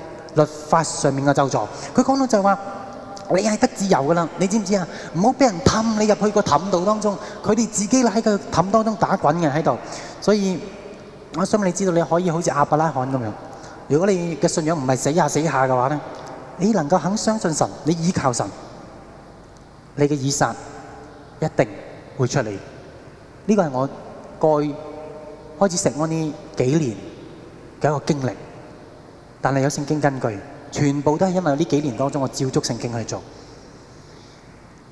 律法上面嘅咒詛，佢講到就話：你係得自由㗎喇你知唔知道唔好俾人氹你入去個氹度當中，佢哋自己喺個氹當中打滾嘅喺度。所以我想你知道，你可以好似阿伯拉罕咁樣。如果你嘅信仰唔係死下死下嘅話呢你能夠肯相信神，你依靠神，你嘅以撒一定會出嚟。呢、這個係我該開始成安呢幾年嘅一個經歷。但係有聖經根據，全部都係因為呢幾年當中，我照足聖經去做。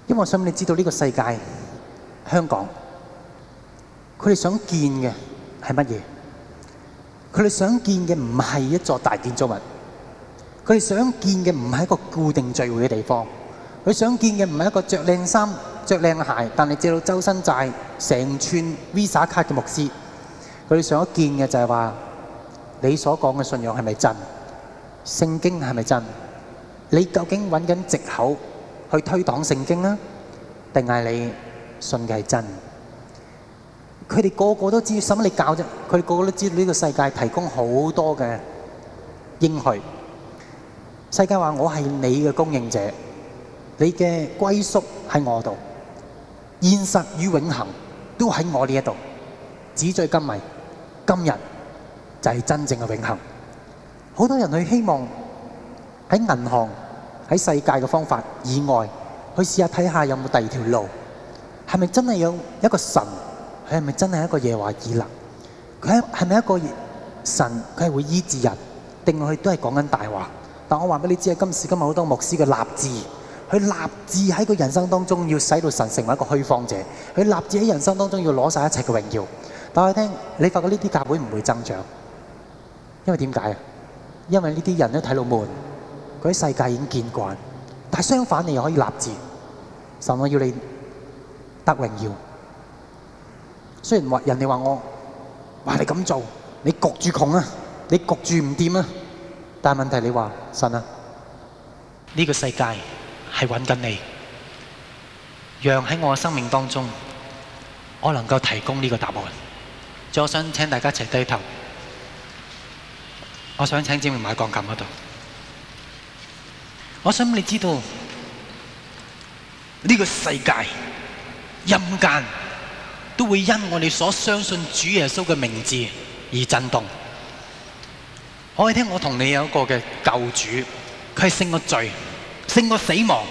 因為我想你知道呢個世界，香港，佢哋想見嘅係乜嘢？佢哋想見嘅唔係一座大建築物，佢哋想見嘅唔係一個固定聚會嘅地方，佢想見嘅唔係一個著靚衫、著靚鞋，但係借到周身債、成串 Visa 卡嘅牧師。佢哋想見的嘅就係話，你所講嘅信仰係咪真的？聖經係咪真？你究竟揾緊藉口去推擋聖經啊？定係你信嘅係真？佢哋個個都知，使乜你教啫？佢哋個個都知呢個世界提供好多嘅應許。世界話我係你嘅供應者，你嘅歸宿喺我度。現實與永恆都喺我呢一度。紙醉金迷，今日就係真正嘅永恆。好多人去希望喺銀行喺世界嘅方法以外，去試下睇下有冇第二條路，係咪真係有一個神？佢係咪真係一個耶和華以勒？佢係係咪一個神？佢係會醫治人，定佢都係講緊大話？但我話俾你知，今時今日好多牧師嘅立志，佢立志喺佢人生當中要使到神成為一個虛謊者，佢立志喺人生當中要攞曬一切嘅榮耀。但我聽，你發覺呢啲教會唔會增長，因為點解因為呢啲人都睇到悶，佢喺世界已經見慣。但相反，你又可以立志。神，我要你得榮耀。雖然人哋話我話你咁做，你焗住窮啊，你焗住唔掂啊，但問題你話神啊，呢個世界係揾緊你，讓喺我嘅生命當中，我能夠提供呢個答案。所以我想請大家一齊低頭。我想請姊妹買鋼琴嗰度，我想你知道呢個世界陰間都會因我哋所相信主耶穌嘅名字而震動。可以聽我同你有一個嘅救主，佢係勝過罪，勝過死亡，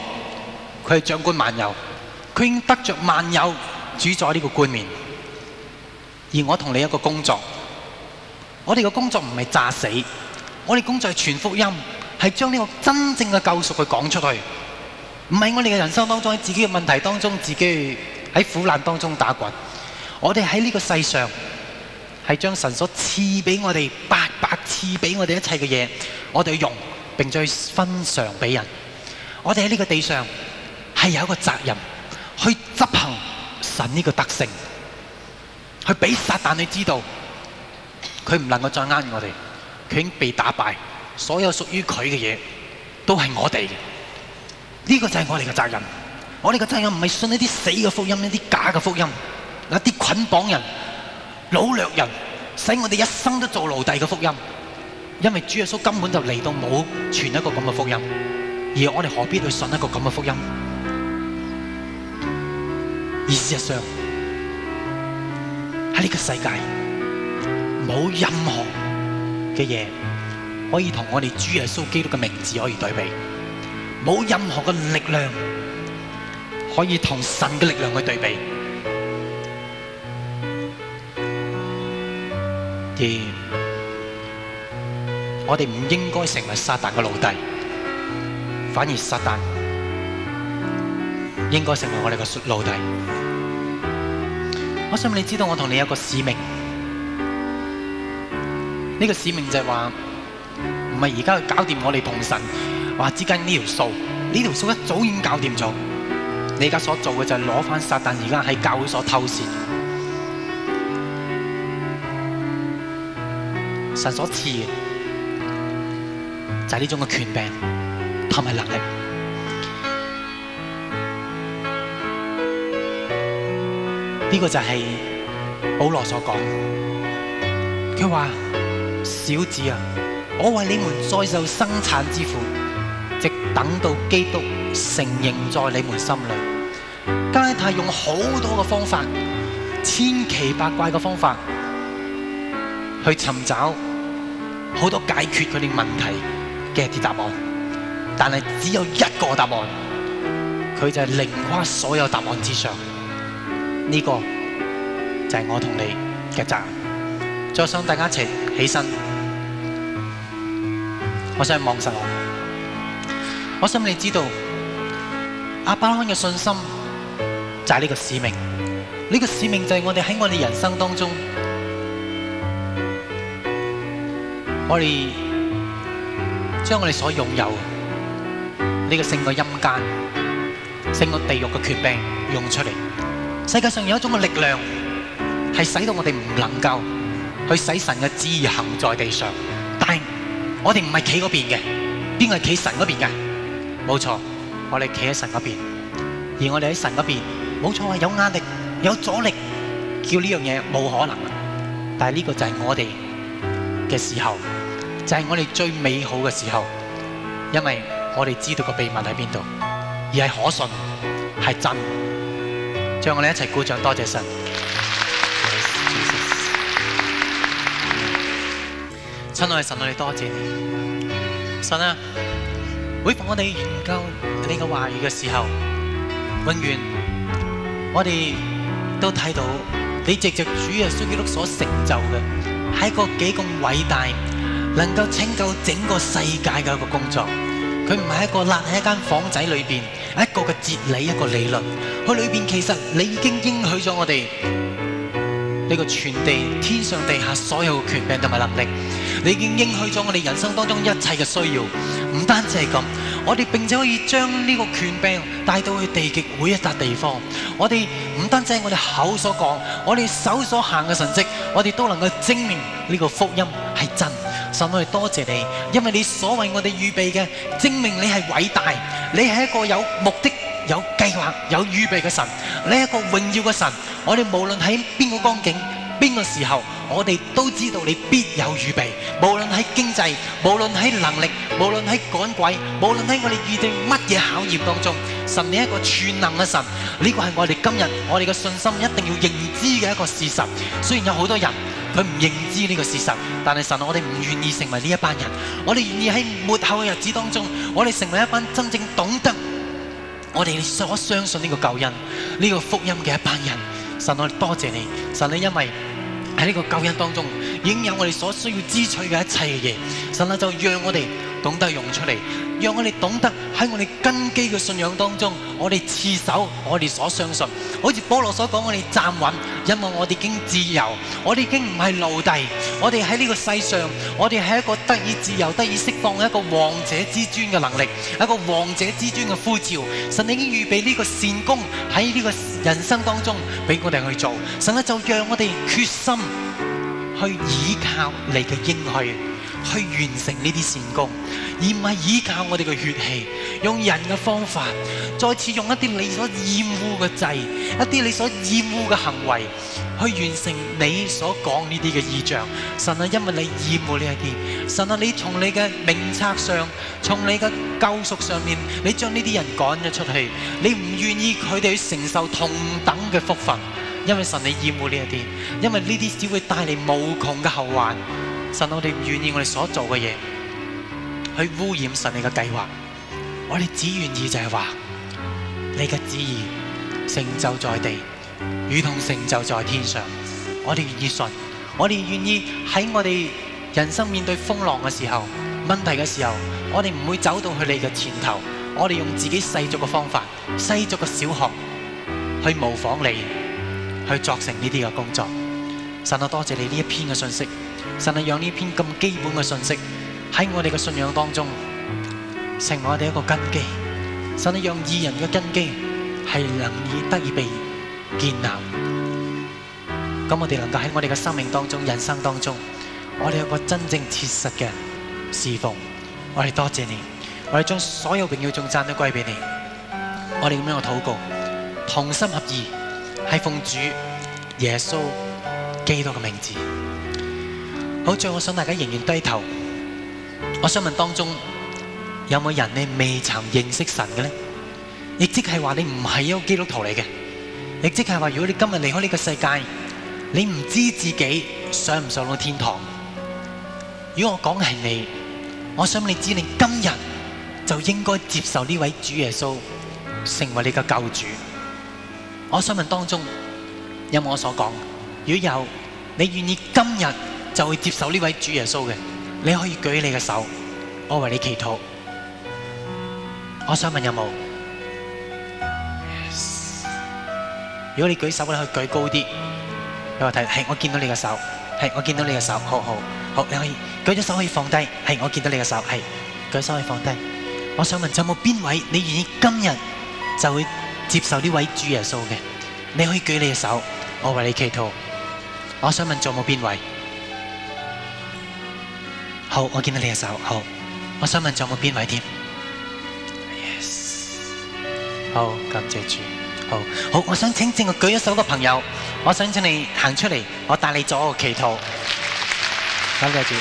佢係掌管萬有，佢已經得着萬有主宰呢個冠冕。而我同你一個工作。我哋嘅工作唔係炸死，我哋工作係傳福音，係將呢個真正嘅救贖去講出去，唔係我哋嘅人生當中喺自己嘅問題當中，自己喺苦難當中打滾。我哋喺呢個世上係將神所賜俾我哋白白賜俾我哋一切嘅嘢，我哋用，並再分享俾人。我哋喺呢個地上係有一個責任，去執行神呢個德性，去俾撒旦佢知道。佢唔能夠再掹我哋，佢已經被打敗。所有屬於佢嘅嘢都係我哋嘅，呢個就係我哋嘅責任。我哋嘅責任唔係信一啲死嘅福音，一啲假嘅福音，嗱啲捆綁人、老掠人，使我哋一生都做奴隸嘅福音。因為主耶穌根本就嚟到冇傳一個咁嘅福音，而我哋何必去信一個咁嘅福音？而事實上，喺呢個世界。冇任何嘅嘢可以同我哋主耶穌基督嘅名字可以對比，冇任何嘅力量可以同神嘅力量去對比。而我哋唔應該成為撒旦嘅奴隸，反而撒旦應該成為我哋嘅奴奴隸。我想問你知道我同你有個使命？呢、這個使命就係話，唔係而家去搞掂我哋同神話之間呢條數，呢條數一早已經搞掂咗。你而家所做嘅就係攞翻撒旦而家喺教會所偷竊，神所賜嘅就係、是、呢種嘅權柄同埋能力。呢、這個就係保羅所講，佢話。小子啊！我為你們再受生產之苦，直等到基督承認在你們心裏。加拉太用好多嘅方法，千奇百怪嘅方法去尋找好多解決佢哋問題嘅啲答案，但係只有一個答案，佢就係凌駕所有答案之上。呢個就係我同你嘅責任。再想大家一齊起身。我想望神。我，我想你知道，亞伯拉罕嘅信心就係呢個使命，呢、這個使命就係我哋喺我哋人生當中，我哋將我哋所擁有呢、這個勝過陰間、勝過地獄嘅權柄用出嚟。世界上有一種嘅力量，係使到我哋唔能夠去使神嘅旨意行在地上。我哋唔係企嗰邊嘅，邊個，係企神嗰邊嘅。沒錯，我哋企喺神嗰邊，而我哋喺神嗰邊，沒錯，有壓力，有阻力，叫呢樣嘢冇可能。但係呢個就係我哋嘅時候，就係我哋最美好嘅時候，因為我哋知道個秘密喺邊度，而係可信，係真。將我哋一齊鼓掌，多謝神。親愛的神，我哋多謝你。神啊，每逢我哋研究你嘅話語嘅時候，永遠我哋都睇到你藉着主耶穌基督所成就嘅，係一個幾咁偉大，能夠拯救整個世界嘅一個工作。佢唔係一個立喺一間房仔裏邊係一個嘅哲理，一個理論。佢裏邊其實你已經應許咗我哋呢、這個全地天上地下所有嘅權柄同埋能力。你已經應許咗我哋人生當中一切嘅需要，唔單止係咁，我哋並且可以將呢個權柄帶到去地極每一笪地方。我哋唔單止係我哋口所講，我哋手所行嘅神蹟，我哋都能夠證明呢個福音係真。神，我哋多謝你，因為你所為我哋預備嘅，證明你係偉大，你係一個有目的、有計劃、有預備嘅神，你係一個榮耀嘅神。我哋無論喺邊個光景。邊個時候，我哋都知道你必有預備，無論喺經濟，無論喺能力，無論喺趕鬼，無論喺我哋遇到乜嘢考驗當中，神，你一個全能嘅神，呢個係我哋今日我哋嘅信心一定要認知嘅一個事實。雖然有好多人佢唔認知呢個事實，但係神，我哋唔願意成為呢一班人，我哋願意喺末後嘅日子當中，我哋成為一班真正懂得我哋所相信呢個救恩、呢個福音嘅一班人。神我哋多謝你，神啊，因為喺呢個救恩當中，已經有我哋所需要支取嘅一切嘅嘢，神啊就讓我哋。懂得用出嚟，讓我哋懂得喺我哋根基嘅信仰當中，我哋持守我哋所相信。好似保羅所講，我哋站穩，因為我哋已經自由，我哋已經唔係奴隸，我哋喺呢個世上，我哋係一個得以自由、得以釋放嘅一個王者之尊嘅能力，一個王者之尊嘅呼召。神已經預備呢個善功喺呢個人生當中俾我哋去做，神咧就讓我哋決心去倚靠你嘅應許。去完成呢啲善功，而唔係倚靠我哋嘅血氣，用人嘅方法，再次用一啲你所厭惡嘅制，一啲你所厭惡嘅行為，去完成你所講呢啲嘅意象。神啊，因為你厭惡呢一啲，神啊，你從你嘅名冊上，從你嘅救贖上面，你將呢啲人趕咗出去，你唔願意佢哋去承受同等嘅福分，因為神啊，你厭惡呢一啲，因為呢啲只會帶嚟無窮嘅後患。神，我哋唔願意我哋所做嘅嘢去污染神你嘅計劃。我哋只願意就係話，你嘅旨意成就在地，如同成就在天上。我哋願意信，我哋願意喺我哋人生面對風浪嘅時候、問題嘅時候，我哋唔會走到去你嘅前頭，我哋用自己世俗嘅方法、世俗嘅小學去模仿你，去作成呢啲嘅工作。神啊，多謝你呢一篇嘅信息，神啊，讓呢篇咁基本嘅信息喺我哋嘅信仰當中成為我哋一個根基，神啊，讓義人嘅根基係能以得以被建立，咁我哋能夠喺我哋嘅生命當中、人生當中，我哋有個真正切實嘅侍奉，我哋多謝你，我哋將所有榮耀眾讚都歸俾你，我哋咁樣嘅禱告，同心合意，係奉主耶穌。基督嘅名字好，最好在我想大家仍然低頭。我想問，當中有冇人你未曾認識神嘅咧？亦即係話你唔係一個基督徒嚟嘅，亦即係話如果你今日離開呢個世界，你唔知自己上唔上到天堂。如果我講係你，我想問你知你今日就應該接受呢位主耶穌成為你嘅救主。我想問，當中有冇我所講？如果有？你願意今日就會接受呢位主耶穌嘅？你可以舉你嘅手，我為你祈禱。我想問有冇？如果你舉手你可以舉高啲。俾我睇，係我見到你嘅手，係我見到你嘅手，好好好，你可以舉咗手可以放低，係我見到你嘅手，係舉手可以放低。我想問，有冇邊位你願意今日就會接受呢位主耶穌嘅？你可以舉你嘅手，我為你祈禱。我想問仲有冇邊位？好，我見到你隻手。好，我想問仲有冇邊位添？Yes。好，感謝主。好，好，我想請正個舉一手嘅朋友，我想請你行出嚟，我帶你做一個祈禱。感謝主。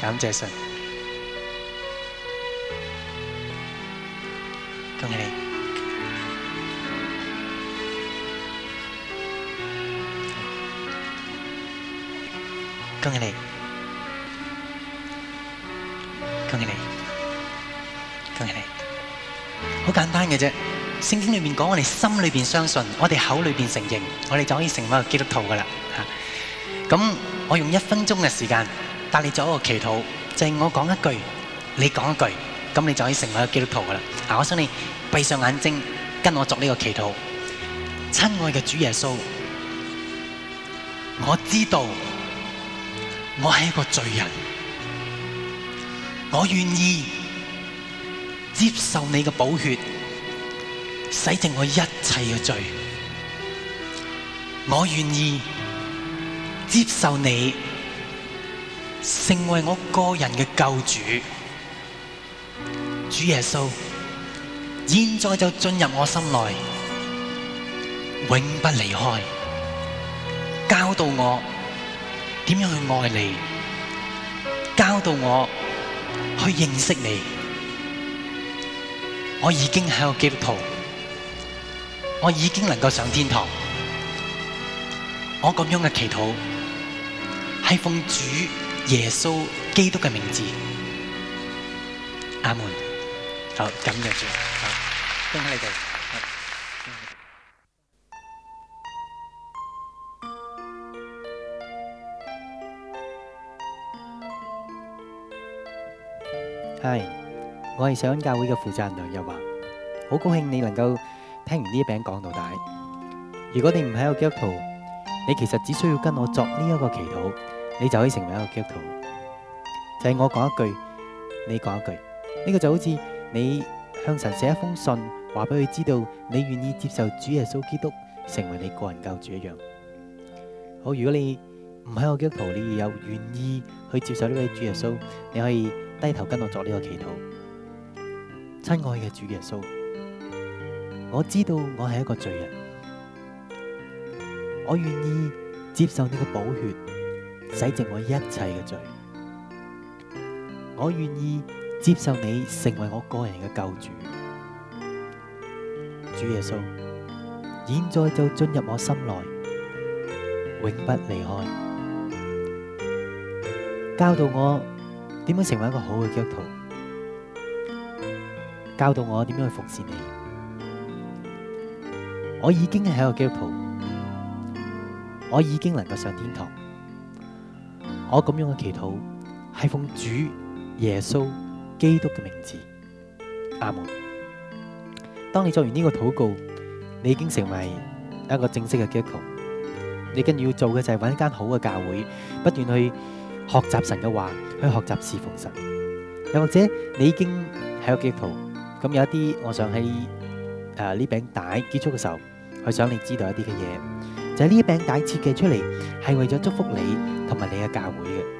感謝神。恭喜你！恭喜你！恭喜你！恭喜你！好簡單嘅啫，聖經裏面，講我哋心裏面相信，我哋口裏面承認，我哋就可以成為一個基督徒㗎喇。吓，咁我用一分鐘嘅時間帶你做一個祈禱，就係我講一句，你講一句。咁你就可以成為一個基督徒㗎啦。我想你閉上眼睛，跟我作呢個祈禱。親愛嘅主耶穌，我知道我係一個罪人，我願意接受你嘅寶血洗淨我一切嘅罪。我願意接受你成為我個人嘅救主。主耶穌，現在就進入我心內，永不離開，教導我點樣去愛你，教導我去認識你。我已經係個基督徒，我已經能夠上天堂。我咁樣嘅祈禱，係奉主耶穌基督嘅名字。阿門，好，咁就住，恭喜你哋！係，我係上教會嘅負責人梁日華。好高興你能夠聽完呢一餅講到底。如果你唔係一個基督徒，你其實只需要跟我作呢一個祈禱，你就可以成為一個基督徒。就係我講一句，你講一句。呢、這個就好似你向神寫一封信，話俾佢知道你願意接受主耶穌基督成為你個人救主一樣。好，如果你唔喺我基督徒，你有願意去接受呢位主耶穌，你可以低頭跟我作呢個祈禱。親愛嘅主耶穌，我知道我係一個罪人，我願意接受你嘅寶血洗淨我一切嘅罪，我願意。接受你成為我個人嘅救主，主耶穌，現在就進入我心內，永不離開，教導我點樣成為一個好嘅基督徒，教導我點樣去服侍你。我已經係一個基督徒，我已經能夠上天堂，我咁樣嘅祈禱係奉主耶穌基督嘅名字，阿門。當你做完呢個禱告，你已經成為一個正式嘅基督徒。你跟住要做嘅就係揾一間好嘅教會，不斷去學習神嘅話，去學習侍奉神。又或者你已經係一個基督徒，咁有一啲我想喺誒，呢餅帶結束嘅時候，我想你知道一啲嘅嘢，就係呢餅帶設計出嚟係為咗祝福你同埋你嘅教會嘅。